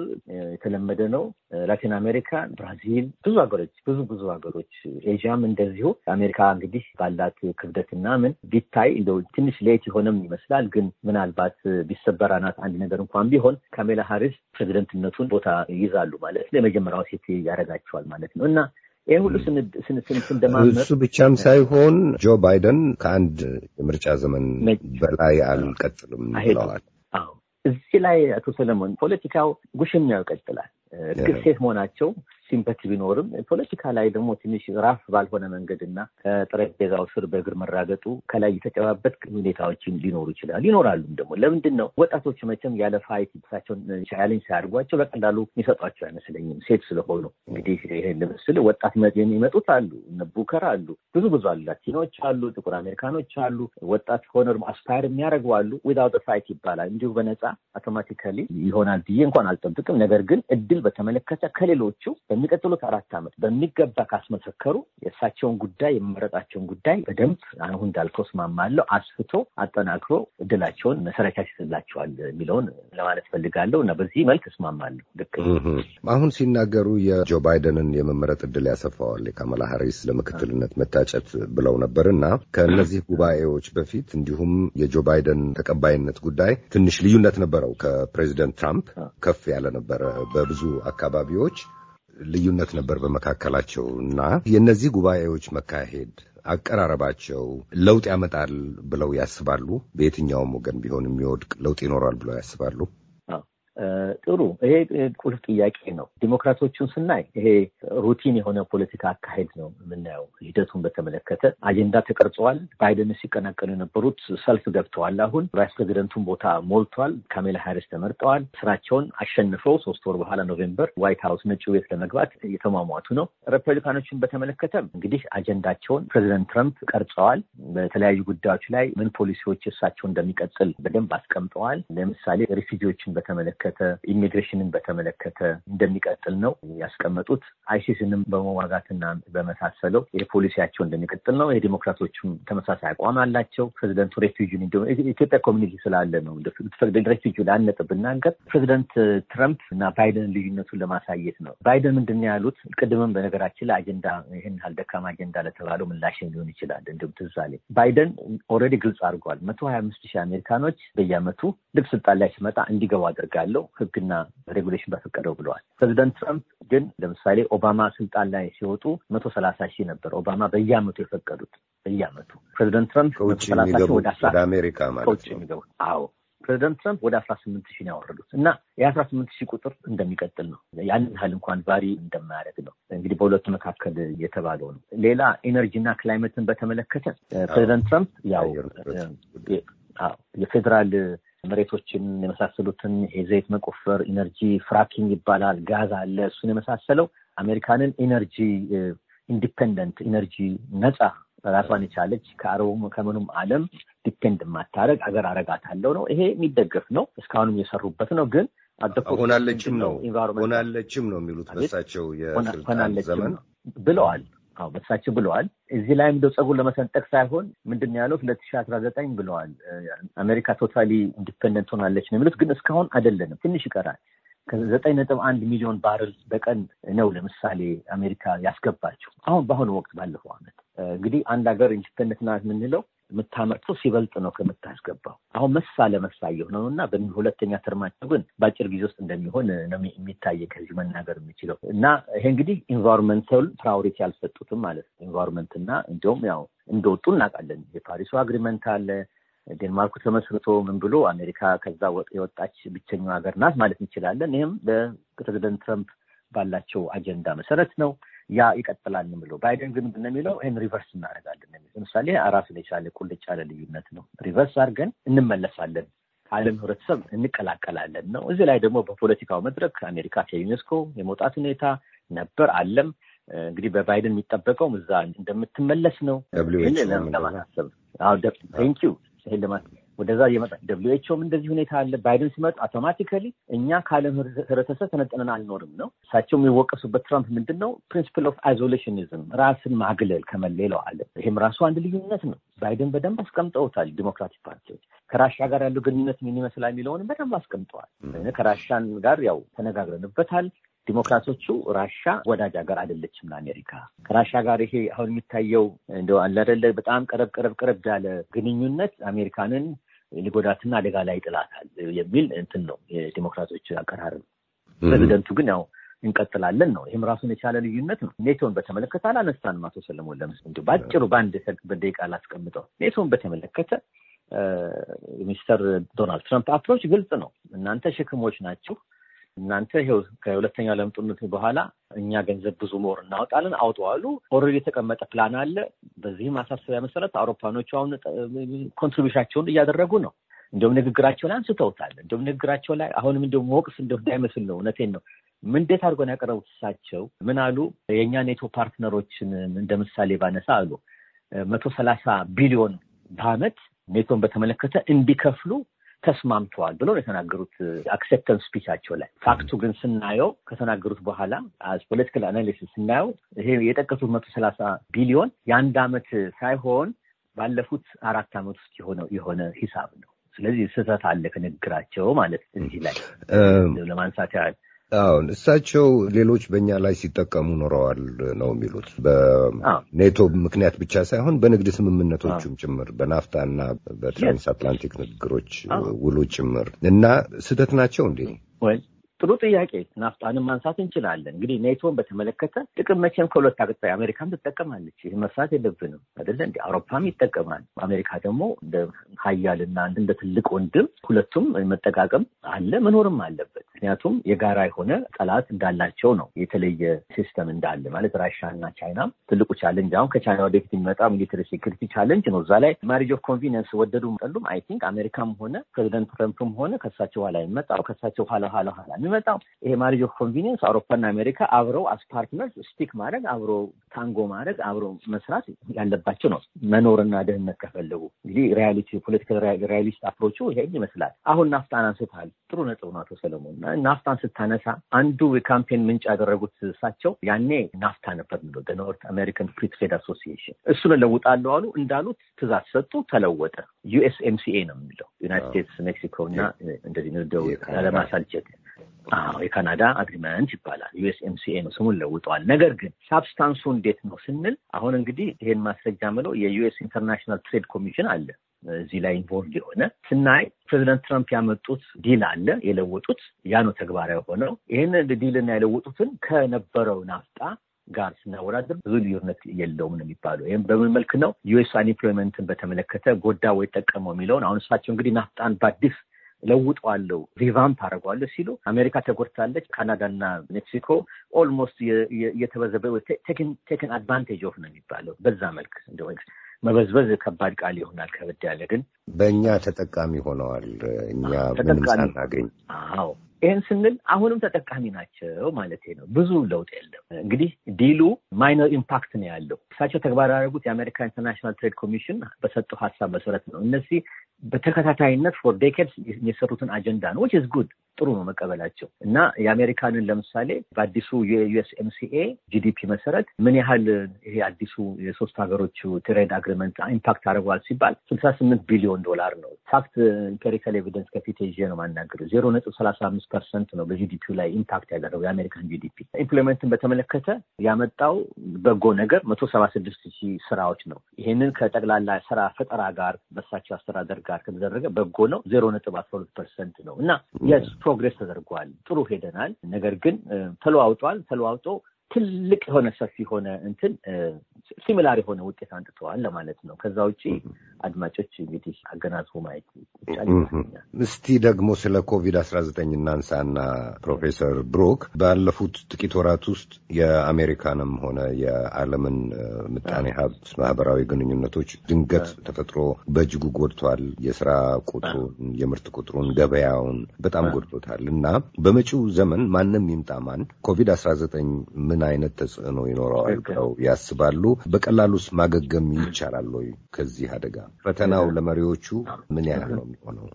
የተለመደ ነው። ላቲን አሜሪካ፣ ብራዚል፣ ብዙ ሀገሮች ብዙ ብዙ ሀገሮች ኤዥያም እንደዚሁ። አሜሪካ እንግዲህ ባላት ክብደትና ምን ቢታይ እንደው ትንሽ ለየት የሆነም ይመስላል። ግን ምናልባት ቢሰበር አናት አንድ ነገር እንኳን ቢሆን ካሜላ ሀሪስ ፕሬዚደንትነቱን ቦታ ይይዛሉ ማለት ለመጀመሪያዋ ሴት ያደርጋቸዋል ማለት ነው እና ይህ ሁሉ ስንስንስ እሱ ብቻም ሳይሆን ጆ ባይደን ከአንድ የምርጫ ዘመን በላይ አልቀጥልም ብለዋል። እዚህ ላይ አቶ ሰለሞን ፖለቲካው ጉሽኛው ይቀጥላል። እርግጥ ሴት መሆናቸው ሲምፐቲ ቢኖርም ፖለቲካ ላይ ደግሞ ትንሽ ራፍ ባልሆነ መንገድ እና ከጠረጴዛው ስር በእግር መራገጡ ከላይ የተጨባበት ሁኔታዎችን ሊኖሩ ይችላል። ይኖራሉም ደግሞ ለምንድን ነው ወጣቶች መቼም ያለ ፋይት ሳቸውን ቻሌንጅ ሳያደርጓቸው በቀላሉ የሚሰጧቸው አይመስለኝም። ሴት ስለሆኑ እንግዲህ ይህን ምስል ወጣት የሚመጡት አሉ፣ እነ ቡከር አሉ፣ ብዙ ብዙ አሉ፣ ላቲኖች አሉ፣ ጥቁር አሜሪካኖች አሉ። ወጣት ሆነ አስፓየር የሚያደርጉ አሉ። ዊዛውት ፋይት ይባላል። እንዲሁ በነፃ አውቶማቲካሊ ይሆናል ብዬ እንኳን አልጠብቅም። ነገር ግን እድል በተመለከተ ከሌሎቹ የሚቀጥሉት አራት ዓመት በሚገባ ካስመሰከሩ የእሳቸውን ጉዳይ የመረጣቸውን ጉዳይ በደንብ አሁን እንዳልከው እስማማለሁ አስፍቶ አጠናክሮ እድላቸውን መሰረቻ ሲስላቸዋል የሚለውን ለማለት ፈልጋለሁ እና በዚህ መልክ እስማማለሁ። ልክ አሁን ሲናገሩ የጆ ባይደንን የመመረጥ እድል ያሰፋዋል የካማላ ሀሪስ ለምክትልነት መታጨት ብለው ነበር እና ከእነዚህ ጉባኤዎች በፊት እንዲሁም የጆ ባይደን ተቀባይነት ጉዳይ ትንሽ ልዩነት ነበረው። ከፕሬዚደንት ትራምፕ ከፍ ያለ ነበረ በብዙ አካባቢዎች ልዩነት ነበር በመካከላቸው እና የእነዚህ ጉባኤዎች መካሄድ አቀራረባቸው ለውጥ ያመጣል ብለው ያስባሉ? በየትኛውም ወገን ቢሆን የሚወድቅ ለውጥ ይኖራል ብለው ያስባሉ? ጥሩ። ይሄ ቁልፍ ጥያቄ ነው። ዲሞክራቶቹን ስናይ ይሄ ሩቲን የሆነ ፖለቲካ አካሄድ ነው የምናየው። ሂደቱን በተመለከተ አጀንዳ ተቀርጸዋል። ባይደን ሲቀናቀኑ የነበሩት ሰልፍ ገብተዋል። አሁን ቫይስ ፕሬዚደንቱን ቦታ ሞልቷል። ካሜላ ሃሪስ ተመርጠዋል። ስራቸውን አሸንፈው ሶስት ወር በኋላ ኖቬምበር ዋይት ሀውስ ነጭ ቤት ለመግባት የተሟሟቱ ነው። ሪፐብሊካኖችን በተመለከተ እንግዲህ አጀንዳቸውን ፕሬዚደንት ትረምፕ ቀርጸዋል። በተለያዩ ጉዳዮች ላይ ምን ፖሊሲዎች እሳቸው እንደሚቀጥል በደንብ አስቀምጠዋል። ለምሳሌ ሪፊጂዎችን በተመለከተ በተመለከተ ኢሚግሬሽንን በተመለከተ እንደሚቀጥል ነው ያስቀመጡት። አይሲስንም በመዋጋትና በመሳሰለው የፖሊሲያቸው እንደሚቀጥል ነው። የዲሞክራቶቹም ተመሳሳይ አቋም አላቸው። ፕሬዚደንቱ ሬፊጂን እንዲሁም ኢትዮጵያ ኮሚኒቲ ስላለ ነው ሬፊጂ ለአንድ ነጥብ ብናገር ፕሬዚደንት ትረምፕ እና ባይደን ልዩነቱን ለማሳየት ነው። ባይደን ምንድን ያሉት? ቅድምም በነገራችን ላይ አጀንዳ ይህን ያህል ደካማ አጀንዳ ለተባለው ምላሽ ሊሆን ይችላል። እንዲሁም ትዛሌ ባይደን ኦልሬዲ ግልጽ አድርጓል። መቶ ሀያ አምስት ሺህ አሜሪካኖች በየአመቱ ልብስ ስልጣን ላይ ሲመጣ እንዲገቡ አድርጋለ ያለው ህግና ሬጉሌሽን በፈቀደው ብለዋል። ፕሬዚደንት ትራምፕ ግን ለምሳሌ ኦባማ ስልጣን ላይ ሲወጡ መቶ ሰላሳ ሺህ ነበር ኦባማ በየአመቱ የፈቀዱት በየአመቱ ፕሬዚደንት ትራምፕ ወደ አሜሪካ ማለት ነው አዎ ፕሬዚደንት ትራምፕ ወደ አስራ ስምንት ሺህ ነው ያወረዱት እና የአስራ ስምንት ሺህ ቁጥር እንደሚቀጥል ነው። ያንን ያህል እንኳን ቫሪ እንደማያደርግ ነው እንግዲህ በሁለቱ መካከል የተባለው ነው። ሌላ ኤነርጂ እና ክላይመትን በተመለከተ ፕሬዚደንት ትራምፕ ያው የፌዴራል መሬቶችን የመሳሰሉትን የዘይት መቆፈር ኢነርጂ ፍራኪንግ ይባላል። ጋዝ አለ። እሱን የመሳሰለው አሜሪካንን ኢነርጂ ኢንዲፐንደንት ኢነርጂ ነጻ ራሷን የቻለች ከአረቡም ከምኑም አለም ዲፔንድ የማታደረግ አገር አረጋታለው ነው። ይሄ የሚደገፍ ነው። እስካሁንም የሰሩበት ነው። ግን ሆናለችም ነው ሆናለችም ነው የሚሉት በሳቸው የስልጣን ዘመን ብለዋል። አዎ በሳቸው ብለዋል። እዚህ ላይ እንደው ጸጉር ለመሰንጠቅ ሳይሆን ምንድን ያለው ሁለት ሺ አስራ ዘጠኝ ብለዋል። አሜሪካ ቶታሊ ኢንዲፐንደንት ሆናለች ነው የሚሉት፣ ግን እስካሁን አይደለንም፣ ትንሽ ይቀራል። ከዘጠኝ ነጥብ አንድ ሚሊዮን ባርል በቀን ነው ለምሳሌ አሜሪካ ያስገባቸው አሁን በአሁኑ ወቅት ባለፈው አመት እንግዲህ አንድ ሀገር ኢንዲፐንደንት ናት የምንለው የምታመርተው ሲበልጥ ነው ከምታስገባው። አሁን መሳ ለመሳ እየሆነ ነው እና በሁለተኛ ትርማቸው ግን በአጭር ጊዜ ውስጥ እንደሚሆን ነው የሚታየ ከዚህ መናገር የሚችለው እና ይሄ እንግዲህ ኢንቫይሮንመንታል ፕራዮሪቲ ያልሰጡትም ማለት ነው። ኢንቫይሮንመንት እና እንዲሁም ያው እንደወጡ እናውቃለን። የፓሪሱ አግሪመንት አለ ዴንማርኩ ተመስርቶ ምን ብሎ አሜሪካ ከዛ የወጣች ብቸኛው ሀገር ናት ማለት እንችላለን። ይህም በፕሬዚደንት ትረምፕ ባላቸው አጀንዳ መሰረት ነው። ያ ይቀጥላል የሚለው። ባይደን ግን ምንድን ነው የሚለው ይህን ሪቨርስ እናደርጋለን የሚል ለምሳሌ ራሱን የቻለ ቁልጭ ያለ ልዩነት ነው። ሪቨርስ አድርገን እንመለሳለን ከዓለም ህብረተሰብ እንቀላቀላለን ነው። እዚህ ላይ ደግሞ በፖለቲካው መድረክ አሜሪካ ከዩኔስኮ የመውጣት ሁኔታ ነበር አለም እንግዲህ በባይደን የሚጠበቀውም እዛ እንደምትመለስ ነው ለማሳሰብ ቴንኪው ይህን ለማሳሰብ ወደዛ የመጣ ደብሊው ኤች ኦም እንደዚህ ሁኔታ አለ። ባይደን ሲመጣ አውቶማቲካሊ እኛ ከዓለም ህብረተሰብ ተነጥነን አልኖርም ነው። እሳቸው የሚወቀሱበት ትራምፕ ምንድን ነው ፕሪንስፕል ኦፍ አይዞሌሽኒዝም ራስን ማግለል ከመሌለው አለ። ይሄም ራሱ አንድ ልዩነት ነው። ባይደን በደንብ አስቀምጠውታል። ዲሞክራቲክ ፓርቲዎች ከራሻ ጋር ያለው ግንኙነት ምን ይመስላል የሚለውንም በደንብ አስቀምጠዋል። ከራሻን ጋር ያው ተነጋግረንበታል። ዲሞክራቶቹ ራሻ ወዳጅ ሀገር አይደለችም ለአሜሪካ ከራሻ ጋር ይሄ አሁን የሚታየው እንደ አላደለ በጣም ቀረብ ቀረብ ቀረብ ያለ ግንኙነት አሜሪካንን ሊጎዳትና አደጋ ላይ ጥላታል የሚል እንትን ነው የዲሞክራቶች አቀራረብ። ፕሬዚደንቱ ግን ያው እንቀጥላለን ነው። ይህም ራሱን የቻለ ልዩነት ነው። ኔቶን በተመለከተ አላነሳንም። አቶ ሰለሞን ለምስ እንዲሁ በአጭሩ በአንድ በደቂቃ ላስቀምጠው። ኔቶን በተመለከተ ሚስተር ዶናልድ ትራምፕ አፕሮች ግልጽ ነው። እናንተ ሽክሞች ናችሁ እናንተ ይኸው ከሁለተኛው ዓለም ጦርነት በኋላ እኛ ገንዘብ ብዙ መር እናወጣለን አውጡ አሉ። ኦልሬዲ የተቀመጠ ፕላን አለ። በዚህም ማሳሰቢያ መሰረት አውሮፓኖቹ አሁን ኮንትሪቢሽናቸውን እያደረጉ ነው። እንደውም ንግግራቸው ላይ አንስተውታል። እንደውም ንግግራቸው ላይ አሁንም እንደውም ወቅስ እንደው እንዳይመስል ነው። እውነቴን ነው። ምንዴት አድርጎን ያቀረቡት እሳቸው ምን አሉ? የእኛ ኔቶ ፓርትነሮችን እንደ ምሳሌ ባነሳ አሉ መቶ ሰላሳ ቢሊዮን በአመት ኔቶን በተመለከተ እንዲከፍሉ ተስማምተዋል ብለው የተናገሩት አክሴፕተንስ ስፒቻቸው ላይ። ፋክቱ ግን ስናየው ከተናገሩት በኋላ ፖለቲካል አናሊሲስ ስናየው ይሄ የጠቀሱት መቶ ሰላሳ ቢሊዮን የአንድ አመት ሳይሆን ባለፉት አራት አመት ውስጥ የሆነ የሆነ ሂሳብ ነው። ስለዚህ ስህተት አለ ከንግግራቸው ማለት እዚህ ላይ ለማንሳት ያህል አሁን እሳቸው ሌሎች በእኛ ላይ ሲጠቀሙ ኖረዋል ነው የሚሉት። በኔቶ ምክንያት ብቻ ሳይሆን በንግድ ስምምነቶቹም ጭምር በናፍታና በትራንስ አትላንቲክ ንግግሮች ውሉ ጭምር እና ስህተት ናቸው እንዴ? ጥሩ ጥያቄ። ናፍጣንም ማንሳት እንችላለን። እንግዲህ ኔቶን በተመለከተ ጥቅም መቼም ከሁለት አቅጣጫ አሜሪካም ትጠቀማለች። ይህ መፍራት የለብንም አይደለ? እንደ አውሮፓም ይጠቀማል። አሜሪካ ደግሞ እንደ ሀያልና እንደ ትልቅ ወንድም ሁለቱም መጠቃቀም አለ መኖርም አለበት። ምክንያቱም የጋራ የሆነ ጠላት እንዳላቸው ነው። የተለየ ሲስተም እንዳለ ማለት ራሻ እና ቻይና ትልቁ ቻለንጅ አሁን ከቻይና ወደፊት የሚመጣ ሚሊተሪ ሴኩሪቲ ቻለንጅ ነው። እዛ ላይ ማሪጅ ኦፍ ኮንቪኒንስ ወደዱ ጠሉም አይ ቲንክ አሜሪካም ሆነ ፕሬዚደንት ትረምፕም ሆነ ከሳቸው ኋላ የሚመጣው ከሳቸው ኋላ ኋላ ኋላ የሚመጣው ይሄ ማሪጅ ኦፍ ኮንቪኒንስ አውሮፓና አሜሪካ አብረው አስ ፓርትነርስ ስቲክ ማድረግ አብሮ ታንጎ ማድረግ አብሮ መስራት ያለባቸው ነው። መኖርና ደህንነት ከፈለጉ እንግዲህ ሪያሊቲ ፖለቲካል ሪያሊስት አፕሮቹ ይሄን ይመስላል። አሁን ናፍጣን አንስታል። ጥሩ ነጥብ ነው አቶ ሰለሞን ናፍታን ስታነሳ አንዱ የካምፔን ምንጭ ያደረጉት እሳቸው ያኔ ናፍታ ነበር የሚለው ኖርት አሜሪካን ፍሪ ትሬድ አሶሲዬሽን እሱን እለውጣለሁ አሉ። እንዳሉት ትእዛዝ ሰጡ፣ ተለወጠ። ዩኤስኤምሲኤ ነው የሚለው ዩናይት ስቴትስ ሜክሲኮ እና እንደዚህ ንደው ያለማሳልቸት አዎ የካናዳ አግሪመንት ይባላል። ዩኤስኤምሲኤ ነው ስሙን ለውጠዋል። ነገር ግን ሳብስታንሱ እንዴት ነው ስንል አሁን እንግዲህ ይሄን ማስረጃ ምለው የዩኤስ ኢንተርናሽናል ትሬድ ኮሚሽን አለ እዚህ ላይ ኢንቮልቭ የሆነ ስናይ ፕሬዚዳንት ትራምፕ ያመጡት ዲል አለ የለወጡት ያ ነው ተግባራዊ ሆነው ይህንን ዲልና የለወጡትን ከነበረው ናፍጣ ጋር ስናወዳድር ብዙ ልዩነት የለውም ነው የሚባለው። ይህም በምን መልክ ነው ዩኤስ አንኢምፕሎይመንትን በተመለከተ ጎዳ ወይ ጠቀመው የሚለውን አሁን እሳቸው እንግዲህ ናፍጣን በአዲስ ለውጠዋለሁ ሪቫምፕ አደርገዋለሁ ሲሉ አሜሪካ ተጎድታለች። ካናዳና ሜክሲኮ ኦልሞስት እየተበዘበ ቴክን አድቫንቴጅ ኦፍ ነው የሚባለው በዛ መልክ እንደ መበዝበዝ ከባድ ቃል ይሆናል፣ ከበድ ያለ ግን በእኛ ተጠቃሚ ሆነዋል። እኛ ምንም ሳናገኝ። አዎ ይህን ስንል አሁንም ተጠቃሚ ናቸው ማለት ነው። ብዙ ለውጥ የለም። እንግዲህ ዲሉ ማይነር ኢምፓክት ነው ያለው። እሳቸው ተግባራዊ ያደረጉት የአሜሪካ ኢንተርናሽናል ትሬድ ኮሚሽን በሰጠው ሀሳብ መሰረት ነው። እነዚህ በተከታታይነት ፎር ዴኬድስ የሰሩትን አጀንዳ ነው ዊች ኢዝ ጉድ ጥሩ ነው መቀበላቸው እና የአሜሪካንን ለምሳሌ በአዲሱ የዩኤስኤምሲኤ ጂዲፒ መሰረት ምን ያህል ይሄ አዲሱ የሶስት ሀገሮች ትሬድ አግሪመንት ኢምፓክት አድርጓል ሲባል ስልሳ ስምንት ቢሊዮን ዶላር ነው። ፋክት ኢምፔሪካል ኤቪደንስ ከፊት ይዤ ነው የማናገረው። ዜሮ ነጥብ ሰላሳ አምስት ፐርሰንት ነው በጂዲፒው ላይ ኢምፓክት ያደረገው የአሜሪካን ጂዲፒ። ኢምፕሎይመንትን በተመለከተ ያመጣው በጎ ነገር መቶ ሰባ ስድስት ሺህ ስራዎች ነው። ይሄንን ከጠቅላላ ስራ ፈጠራ ጋር በሳቸው አስተዳደር ጋር ከተደረገ በጎ ነው ዜሮ ነጥብ አስራ ሁለት ፐርሰንት ነው እና የስ ፕሮግሬስ ተደርጓል። ጥሩ ሄደናል። ነገር ግን ተለዋውጧል። ተለዋውጦ ትልቅ የሆነ ሰፊ የሆነ እንትን ሲሚላር የሆነ ውጤት አንጥተዋል ለማለት ነው። ከዛ ውጭ አድማጮች እንግዲህ አገናዝቦ ማየት ይቻል እስቲ ደግሞ ስለ ኮቪድ አስራ ዘጠኝ እናንሳና ፕሮፌሰር ብሩክ ባለፉት ጥቂት ወራት ውስጥ የአሜሪካንም ሆነ የዓለምን ምጣኔ ሀብት ማህበራዊ ግንኙነቶች ድንገት ተፈጥሮ በእጅጉ ጎድቷል። የስራ ቁጥሩን፣ የምርት ቁጥሩን፣ ገበያውን በጣም ጎድቶታል እና በመጪው ዘመን ማንም ይምጣ ማን ኮቪድ አስራ ዘጠኝ ምን አይነት ተጽዕኖ ይኖረዋል ብለው ያስባሉ? በቀላሉስ ማገገም ይቻላል ወይ ከዚህ አደጋ? ፈተናው ለመሪዎቹ ምን ያህል ነው የሚሆነው?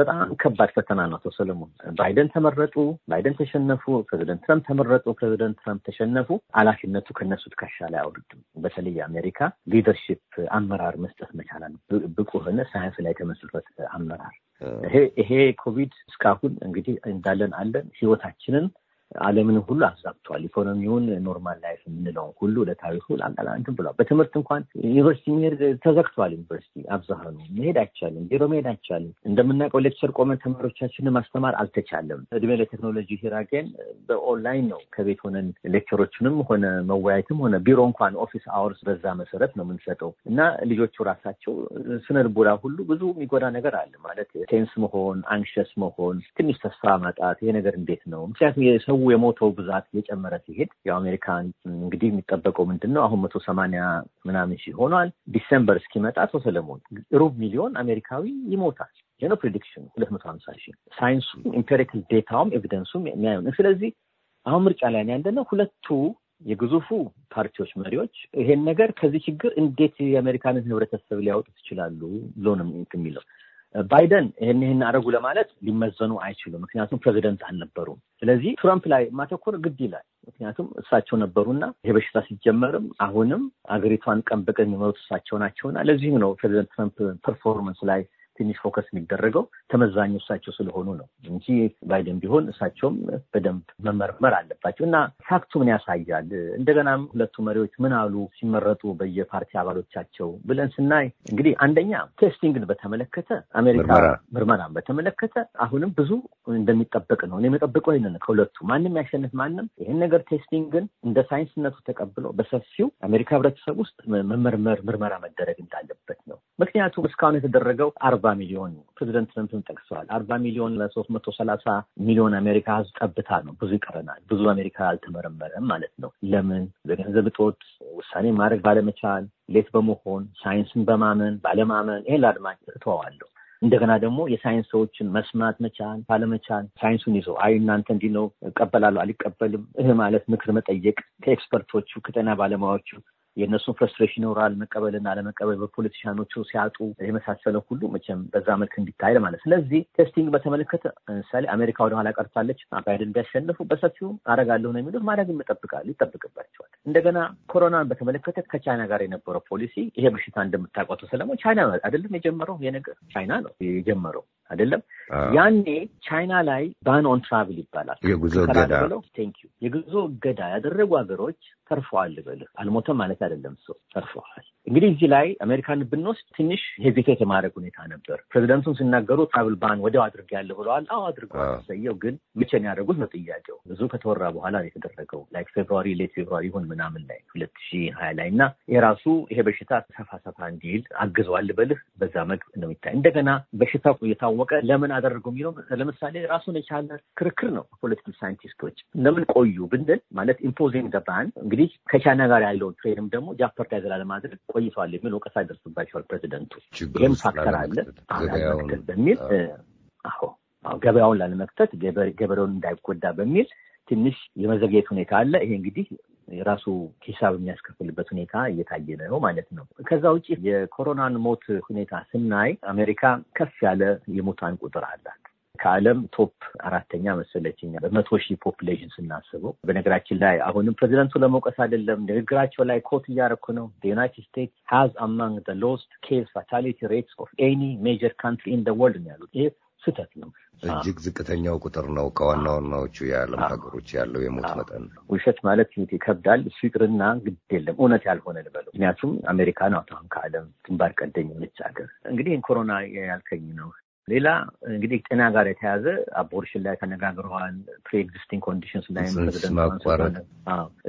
በጣም ከባድ ፈተና ነው። አቶ ሰለሞን ባይደን ተመረጡ፣ ባይደን ተሸነፉ፣ ፕሬዚደንት ትራምፕ ተመረጡ፣ ፕሬዚደንት ትራምፕ ተሸነፉ፣ ኃላፊነቱ ከነሱ ትከሻ ላይ አውርድም። በተለይ አሜሪካ ሊደርሺፕ አመራር መስጠት መቻላል ብቁ ሆነ ሳይንስ ላይ የተመሰረተ አመራር ይሄ ኮቪድ እስካሁን እንግዲህ እንዳለን አለን ህይወታችንን ዓለምን ሁሉ አዛብቷል። ኢኮኖሚውን፣ ኖርማል ላይፍ የምንለውን ሁሉ ለታሪኩ አንትን ብለዋል። በትምህርት እንኳን ዩኒቨርሲቲ መሄድ ተዘግቷል። ዩኒቨርሲቲ አብዛሃኑ መሄድ አይቻልም፣ ቢሮ መሄድ አይቻልም። እንደምናውቀው ሌክቸር ቆመን ተማሪዎቻችንን ማስተማር አልተቻለም። እድሜ ለቴክኖሎጂ ሂራ ግን በኦንላይን ነው ከቤት ሆነን ሌክቸሮችንም ሆነ መወያየትም ሆነ ቢሮ እንኳን ኦፊስ አወርስ በዛ መሰረት ነው የምንሰጠው እና ልጆቹ ራሳቸው ስነ ልቦና ሁሉ ብዙ የሚጎዳ ነገር አለ ማለት ቴንስ መሆን፣ አንክሸስ መሆን፣ ትንሽ ተስፋ ማጣት። ይሄ ነገር እንዴት ነው? ምክንያቱም ሰው የሞተው ብዛት እየጨመረ ሲሄድ የአሜሪካን እንግዲህ የሚጠበቀው ምንድን ነው? አሁን መቶ ሰማንያ ምናምን ሺህ ሆኗል። ዲሰምበር እስኪመጣ ሰው ሰለሞን ሩብ ሚሊዮን አሜሪካዊ ይሞታል። የነው ፕሬዲክሽኑ ሁለት መቶ ሀምሳ ሺህ ሳይንሱ ኢምፔሪካል ዴታውም ኤቪደንሱም የሚያዩ ስለዚህ አሁን ምርጫ ላይ ያለ ነው ሁለቱ የግዙፉ ፓርቲዎች መሪዎች ይሄን ነገር ከዚህ ችግር እንዴት የአሜሪካንን ህብረተሰብ ሊያወጡት ይችላሉ ብሎ ነው የሚለው ባይደን ይህን ይህን አደረጉ ለማለት ሊመዘኑ አይችሉም። ምክንያቱም ፕሬዚደንት አልነበሩም። ስለዚህ ትረምፕ ላይ ማተኮር ግድ ይላል። ምክንያቱም እሳቸው ነበሩና ይሄ በሽታ ሲጀመርም አሁንም አገሪቷን ቀን በቀን የሚመሩት እሳቸው ናቸውና ለዚህም ነው ፕሬዚደንት ትራምፕ ፐርፎርማንስ ላይ ትንሽ ፎከስ የሚደረገው ተመዛኙ እሳቸው ስለሆኑ ነው እንጂ ባይደን ቢሆን እሳቸውም በደንብ መመርመር አለባቸው እና ፋክቱ ምን ያሳያል? እንደገናም ሁለቱ መሪዎች ምን አሉ ሲመረጡ በየፓርቲ አባሎቻቸው ብለን ስናይ እንግዲህ አንደኛ ቴስቲንግን በተመለከተ አሜሪካ ምርመራን በተመለከተ አሁንም ብዙ እንደሚጠበቅ ነው። እኔ የምጠብቀው ይህንን ከሁለቱ ማንም ያሸንፍ ማንም ይህን ነገር ቴስቲንግን እንደ ሳይንስነቱ ተቀብሎ በሰፊው አሜሪካ ህብረተሰብ ውስጥ መመርመር ምርመራ መደረግ እንዳለበት ነው። ምክንያቱም እስካሁን የተደረገው አር አርባ ሚሊዮን ፕሬዚደንት ትረምፕም ጠቅሰዋል። አርባ ሚሊዮን ለሶስት መቶ ሰላሳ ሚሊዮን አሜሪካ ህዝብ ጠብታ ነው። ብዙ ይቀረናል። ብዙ አሜሪካ አልተመረመረም ማለት ነው። ለምን በገንዘብ እጦት ውሳኔ ማድረግ ባለመቻል፣ ሌት በመሆን፣ ሳይንስን በማመን ባለማመን፣ ይሄን ለአድማጭ እተዋዋለሁ። እንደገና ደግሞ የሳይንስ ሰዎችን መስማት መቻል ባለመቻል ሳይንሱን ይዘው አይ እናንተ እንዲህ ነው እቀበላለሁ አልቀበልም፣ ይህ ማለት ምክር መጠየቅ ከኤክስፐርቶቹ ከጤና ባለሙያዎቹ የእነሱን ፍረስትሬሽን ይኖራል መቀበልና ለመቀበል በፖለቲሽያኖቹ ሲያጡ የመሳሰለ ሁሉ መቼም በዛ መልክ እንዲታይ ማለት። ስለዚህ ቴስቲንግ በተመለከተ ምሳሌ አሜሪካ ወደኋላ ቀርታለች። ባይደን ቢያሸንፉ በሰፊው አረጋለሁ ነው የሚሉት። ማድረግ ይጠብቃል ይጠብቅባቸዋል። እንደገና ኮሮናን በተመለከተ ከቻይና ጋር የነበረው ፖሊሲ ይሄ በሽታ እንደምታውቀው ስለሞ ቻይና አይደለም የጀመረው የነገር ቻይና ነው የጀመረው አይደለም። ያኔ ቻይና ላይ ባን ኦን ትራቭል ይባላል የጉዞ እገዳ የጉዞ እገዳ ያደረጉ ሀገሮች ተርፈዋል። ልበልህ አልሞተም ማለት አይደለም ሰው ተርፈዋል። እንግዲህ እዚህ ላይ አሜሪካን ብንወስድ ትንሽ ሄዚቴት የማድረግ ሁኔታ ነበር። ፕሬዚደንቱን ሲናገሩ ትራቭል ባን ወዲያው አድርግ ያለ ብለዋል። አዎ አድርገዋል። ሰየው ግን መቼ ነው ያደረጉት ነው ጥያቄው። ብዙ ከተወራ በኋላ ነው የተደረገው። ላይክ ፌብሩዋሪ ሌት ፌብሩዋሪ ይሁን ምናምን ላይ ሁለት ሺህ ሀያ ላይ እና የራሱ ይሄ በሽታ ሰፋ ሰፋ እንዲል አግዘዋል በልህ በዛ መግ ነው የሚታይ እንደገና በሽታው የታወቀ ለምን አደረገው የሚለው ለምሳሌ ራሱን የቻለ ክርክር ነው። ፖለቲካል ሳይንቲስቶች ለምን ቆዩ ብንል ማለት ኢምፖዚንግ ዘ ባን እንግዲህ ከቻይና ጋር ያለውን ትሬድም ደግሞ ጃፐርዳይዝ ላለማድረግ ቆይተዋል የሚል ወቀሳ ይደርስባቸዋል ፕሬዚደንቱ። ይህም ፋክተር አለ ላለመክተት በሚል አዎ ገበያውን ላለመክተት ገበሬውን እንዳይጎዳ በሚል ትንሽ የመዘግየት ሁኔታ አለ። ይሄ እንግዲህ የራሱ ሂሳብ የሚያስከፍልበት ሁኔታ እየታየ ነው ማለት ነው። ከዛ ውጭ የኮሮናን ሞት ሁኔታ ስናይ አሜሪካ ከፍ ያለ የሙታን ቁጥር አላት። ከዓለም ቶፕ አራተኛ መሰለችኛ በመቶ ሺህ ፖፕሌሽን ስናስበው። በነገራችን ላይ አሁንም ፕሬዚደንቱ ለመውቀስ አይደለም፣ ንግግራቸው ላይ ኮት እያደረኩ ነው። ዩናይትድ ስቴትስ ሃዝ አማንግ ዘ ሎስት ኬዝ ፋታሊቲ ሬትስ ኦፍ ኤኒ ሜጀር ካንትሪ ኢን ደ ወርልድ ነው ያሉት። ይሄ ስህተት ነው። እጅግ ዝቅተኛው ቁጥር ነው ከዋና ዋናዎቹ የዓለም ሀገሮች ያለው የሞት መጠን። ውሸት ማለት ይከብዳል። እሱ ይቅርና ግድ የለም እውነት ያልሆነ ልበለው። ምክንያቱም አሜሪካ ናት አሁን ከዓለም ግንባር ቀደኝ የሆነች ሀገር። እንግዲህ ኮሮና ያልከኝ ነው ሌላ እንግዲህ ጤና ጋር የተያዘ አቦርሽን ላይ ተነጋግረዋል። ፕሪ ኤግዚስቲንግ ኮንዲሽንስ ላይ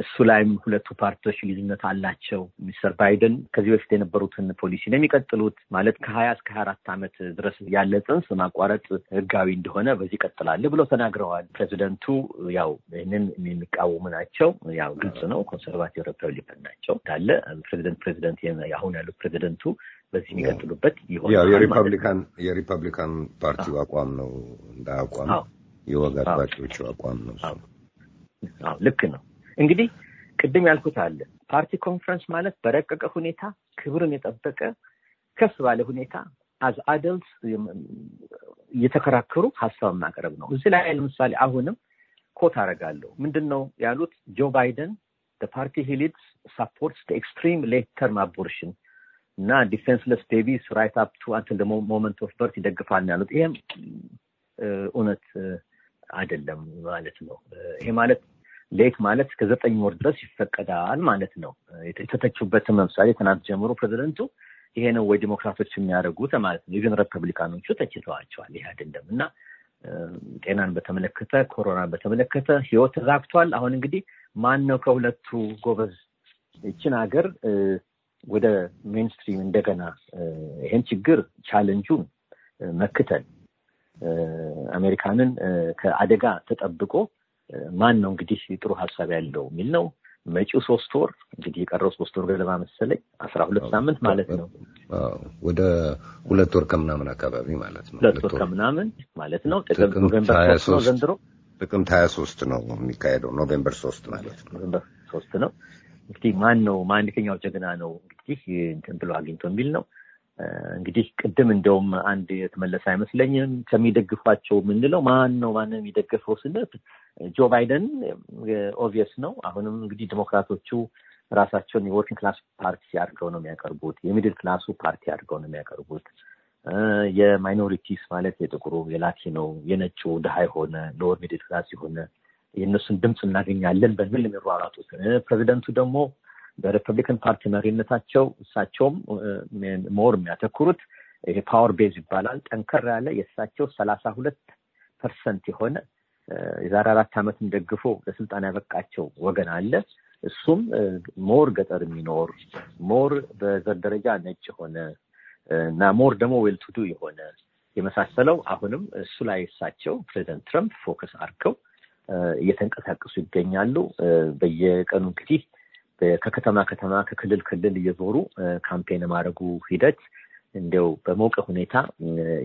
እሱ ላይም ሁለቱ ፓርቲዎች ልዩነት አላቸው። ሚስተር ባይደን ከዚህ በፊት የነበሩትን ፖሊሲ ነው የሚቀጥሉት። ማለት ከሀያ እስከ ሀያ አራት ዓመት ድረስ ያለ ጽንስ ማቋረጥ ህጋዊ እንደሆነ በዚህ ይቀጥላል ብለው ተናግረዋል። ፕሬዚደንቱ ያው ይህንን የሚቃወሙ ናቸው። ያው ግልጽ ነው። ኮንሰርቫቲቭ ሪፐብሊካን ናቸው እንዳለ ፕሬዚደንት ፕሬዚደንት አሁን ያሉት ፕሬዚደንቱ በዚህ የሚቀጥሉበት ይሆናል። የሪፐብሊካን የሪፐብሊካን ፓርቲው አቋም ነው እንደ አቋም የወግ አጥባቂዎቹ አቋም ነው። አዎ ልክ ነው። እንግዲህ ቅድም ያልኩት አለ ፓርቲ ኮንፈረንስ ማለት በረቀቀ ሁኔታ ክብርን የጠበቀ ከፍ ባለ ሁኔታ አዝ አደልት እየተከራከሩ ሀሳብ ማቅረብ ነው። እዚህ ላይ ለምሳሌ አሁንም ኮት አደርጋለሁ። ምንድን ነው ያሉት ጆ ባይደን ፓርቲ ሂሊድስ ሳፖርትስ ኤክስትሪም ሌት ተርም አቦርሽን እና ዲፌንስለስ ቤቢስ ራይት አፕ ቱ አንትን ደግሞ ሞመንት ኦፍ በርት ይደግፋል ያሉት ይሄም እውነት አይደለም ማለት ነው። ይሄ ማለት ሌት ማለት እስከ ዘጠኝ ወር ድረስ ይፈቀዳል ማለት ነው። የተተቹበትን ለምሳሌ ትናንት ጀምሮ ፕሬዚደንቱ ይሄ ነው ወይ ዲሞክራቶች የሚያደርጉት ማለት ነው። ኢቨን ሪፐብሊካኖቹ ተችተዋቸዋል። ይሄ አይደለም እና ጤናን በተመለከተ ኮሮናን በተመለከተ ህይወት ተዛግቷል። አሁን እንግዲህ ማን ነው ከሁለቱ ጎበዝ ይችን ሀገር ወደ ሜንስትሪም እንደገና ይህን ችግር ቻለንጁን መክተን አሜሪካንን ከአደጋ ተጠብቆ ማን ነው እንግዲህ ጥሩ ሀሳብ ያለው የሚል ነው። መጪው ሶስት ወር እንግዲህ የቀረው ሶስት ወር ገለባ መሰለኝ አስራ ሁለት ሳምንት ማለት ነው። ወደ ሁለት ወር ከምናምን አካባቢ ማለት ነው። ሁለት ወር ከምናምን ማለት ነው። ጥቅምት ዘንድሮ ጥቅምት ሀያ ሶስት ነው የሚካሄደው ኖቬምበር ሶስት ማለት ነው። ኖቬምበር ሶስት ነው እንግዲህ ማን ነው ማን የትኛው ጀግና ነው እንግዲህ እንትን ብሎ አግኝቶ የሚል ነው። እንግዲህ ቅድም እንደውም አንድ የተመለሰ አይመስለኝም። ከሚደግፏቸው የምንለው ማን ነው? ማን የሚደግፈው ስንል ጆ ባይደን ኦቪየስ ነው። አሁንም እንግዲህ ዲሞክራቶቹ ራሳቸውን የወርኪንግ ክላስ ፓርቲ አድርገው ነው የሚያቀርቡት። የሚድል ክላሱ ፓርቲ አድርገው ነው የሚያቀርቡት። የማይኖሪቲስ ማለት የጥቁሩ፣ የላቲኖው፣ የነጩ ድሃ የሆነ ሎወር ሚድል ክላስ የሆነ የእነሱን ድምፅ እናገኛለን በሚል የሚሯሯጡት ፕሬዚደንቱ ደግሞ በሪፐብሊካን ፓርቲ መሪነታቸው እሳቸውም ሞር የሚያተኩሩት ይሄ ፓወር ቤዝ ይባላል። ጠንከር ያለ የእሳቸው ሰላሳ ሁለት ፐርሰንት የሆነ የዛሬ አራት ዓመትም ደግፎ ለስልጣን ያበቃቸው ወገን አለ። እሱም ሞር ገጠር የሚኖር ሞር በዘር ደረጃ ነጭ የሆነ እና ሞር ደግሞ ዌልቱዱ የሆነ የመሳሰለው አሁንም እሱ ላይ እሳቸው ፕሬዚደንት ትረምፕ ፎከስ አድርገው እየተንቀሳቀሱ ይገኛሉ። በየቀኑ እንግዲህ ከከተማ ከተማ ከክልል ክልል እየዞሩ ካምፔን የማድረጉ ሂደት እንዲው በሞቀ ሁኔታ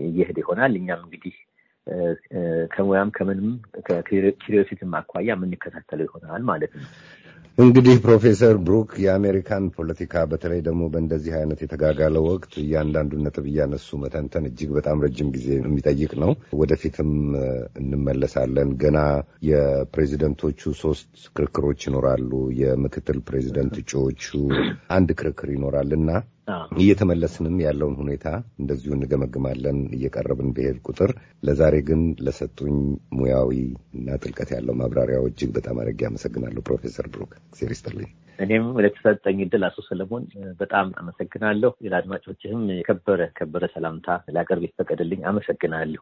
እየሄደ ይሆናል። እኛም እንግዲህ ከሙያም ከምንም ከኪሪዮሲቲም አኳያ የምንከታተለው ይሆናል ማለት ነው። እንግዲህ ፕሮፌሰር ብሩክ የአሜሪካን ፖለቲካ በተለይ ደግሞ በእንደዚህ አይነት የተጋጋለ ወቅት እያንዳንዱን ነጥብ እያነሱ መተንተን እጅግ በጣም ረጅም ጊዜ የሚጠይቅ ነው። ወደፊትም እንመለሳለን። ገና የፕሬዚደንቶቹ ሶስት ክርክሮች ይኖራሉ። የምክትል ፕሬዚደንት እጩዎቹ አንድ ክርክር ይኖራልና እየተመለስንም ያለውን ሁኔታ እንደዚሁ እንገመግማለን እየቀረብን ብሄድ ቁጥር። ለዛሬ ግን ለሰጡኝ ሙያዊ እና ጥልቀት ያለው ማብራሪያው እጅግ በጣም አድርጌ አመሰግናለሁ ፕሮፌሰር ብሩክ እግዜር ይስጥልኝ። እኔም ለተሰጠኝ እድል አቶ ሰለሞን በጣም አመሰግናለሁ። ለአድማጮችህም የከበረ ከበረ ሰላምታ ላቀርብ ይፈቀድልኝ። አመሰግናለሁ።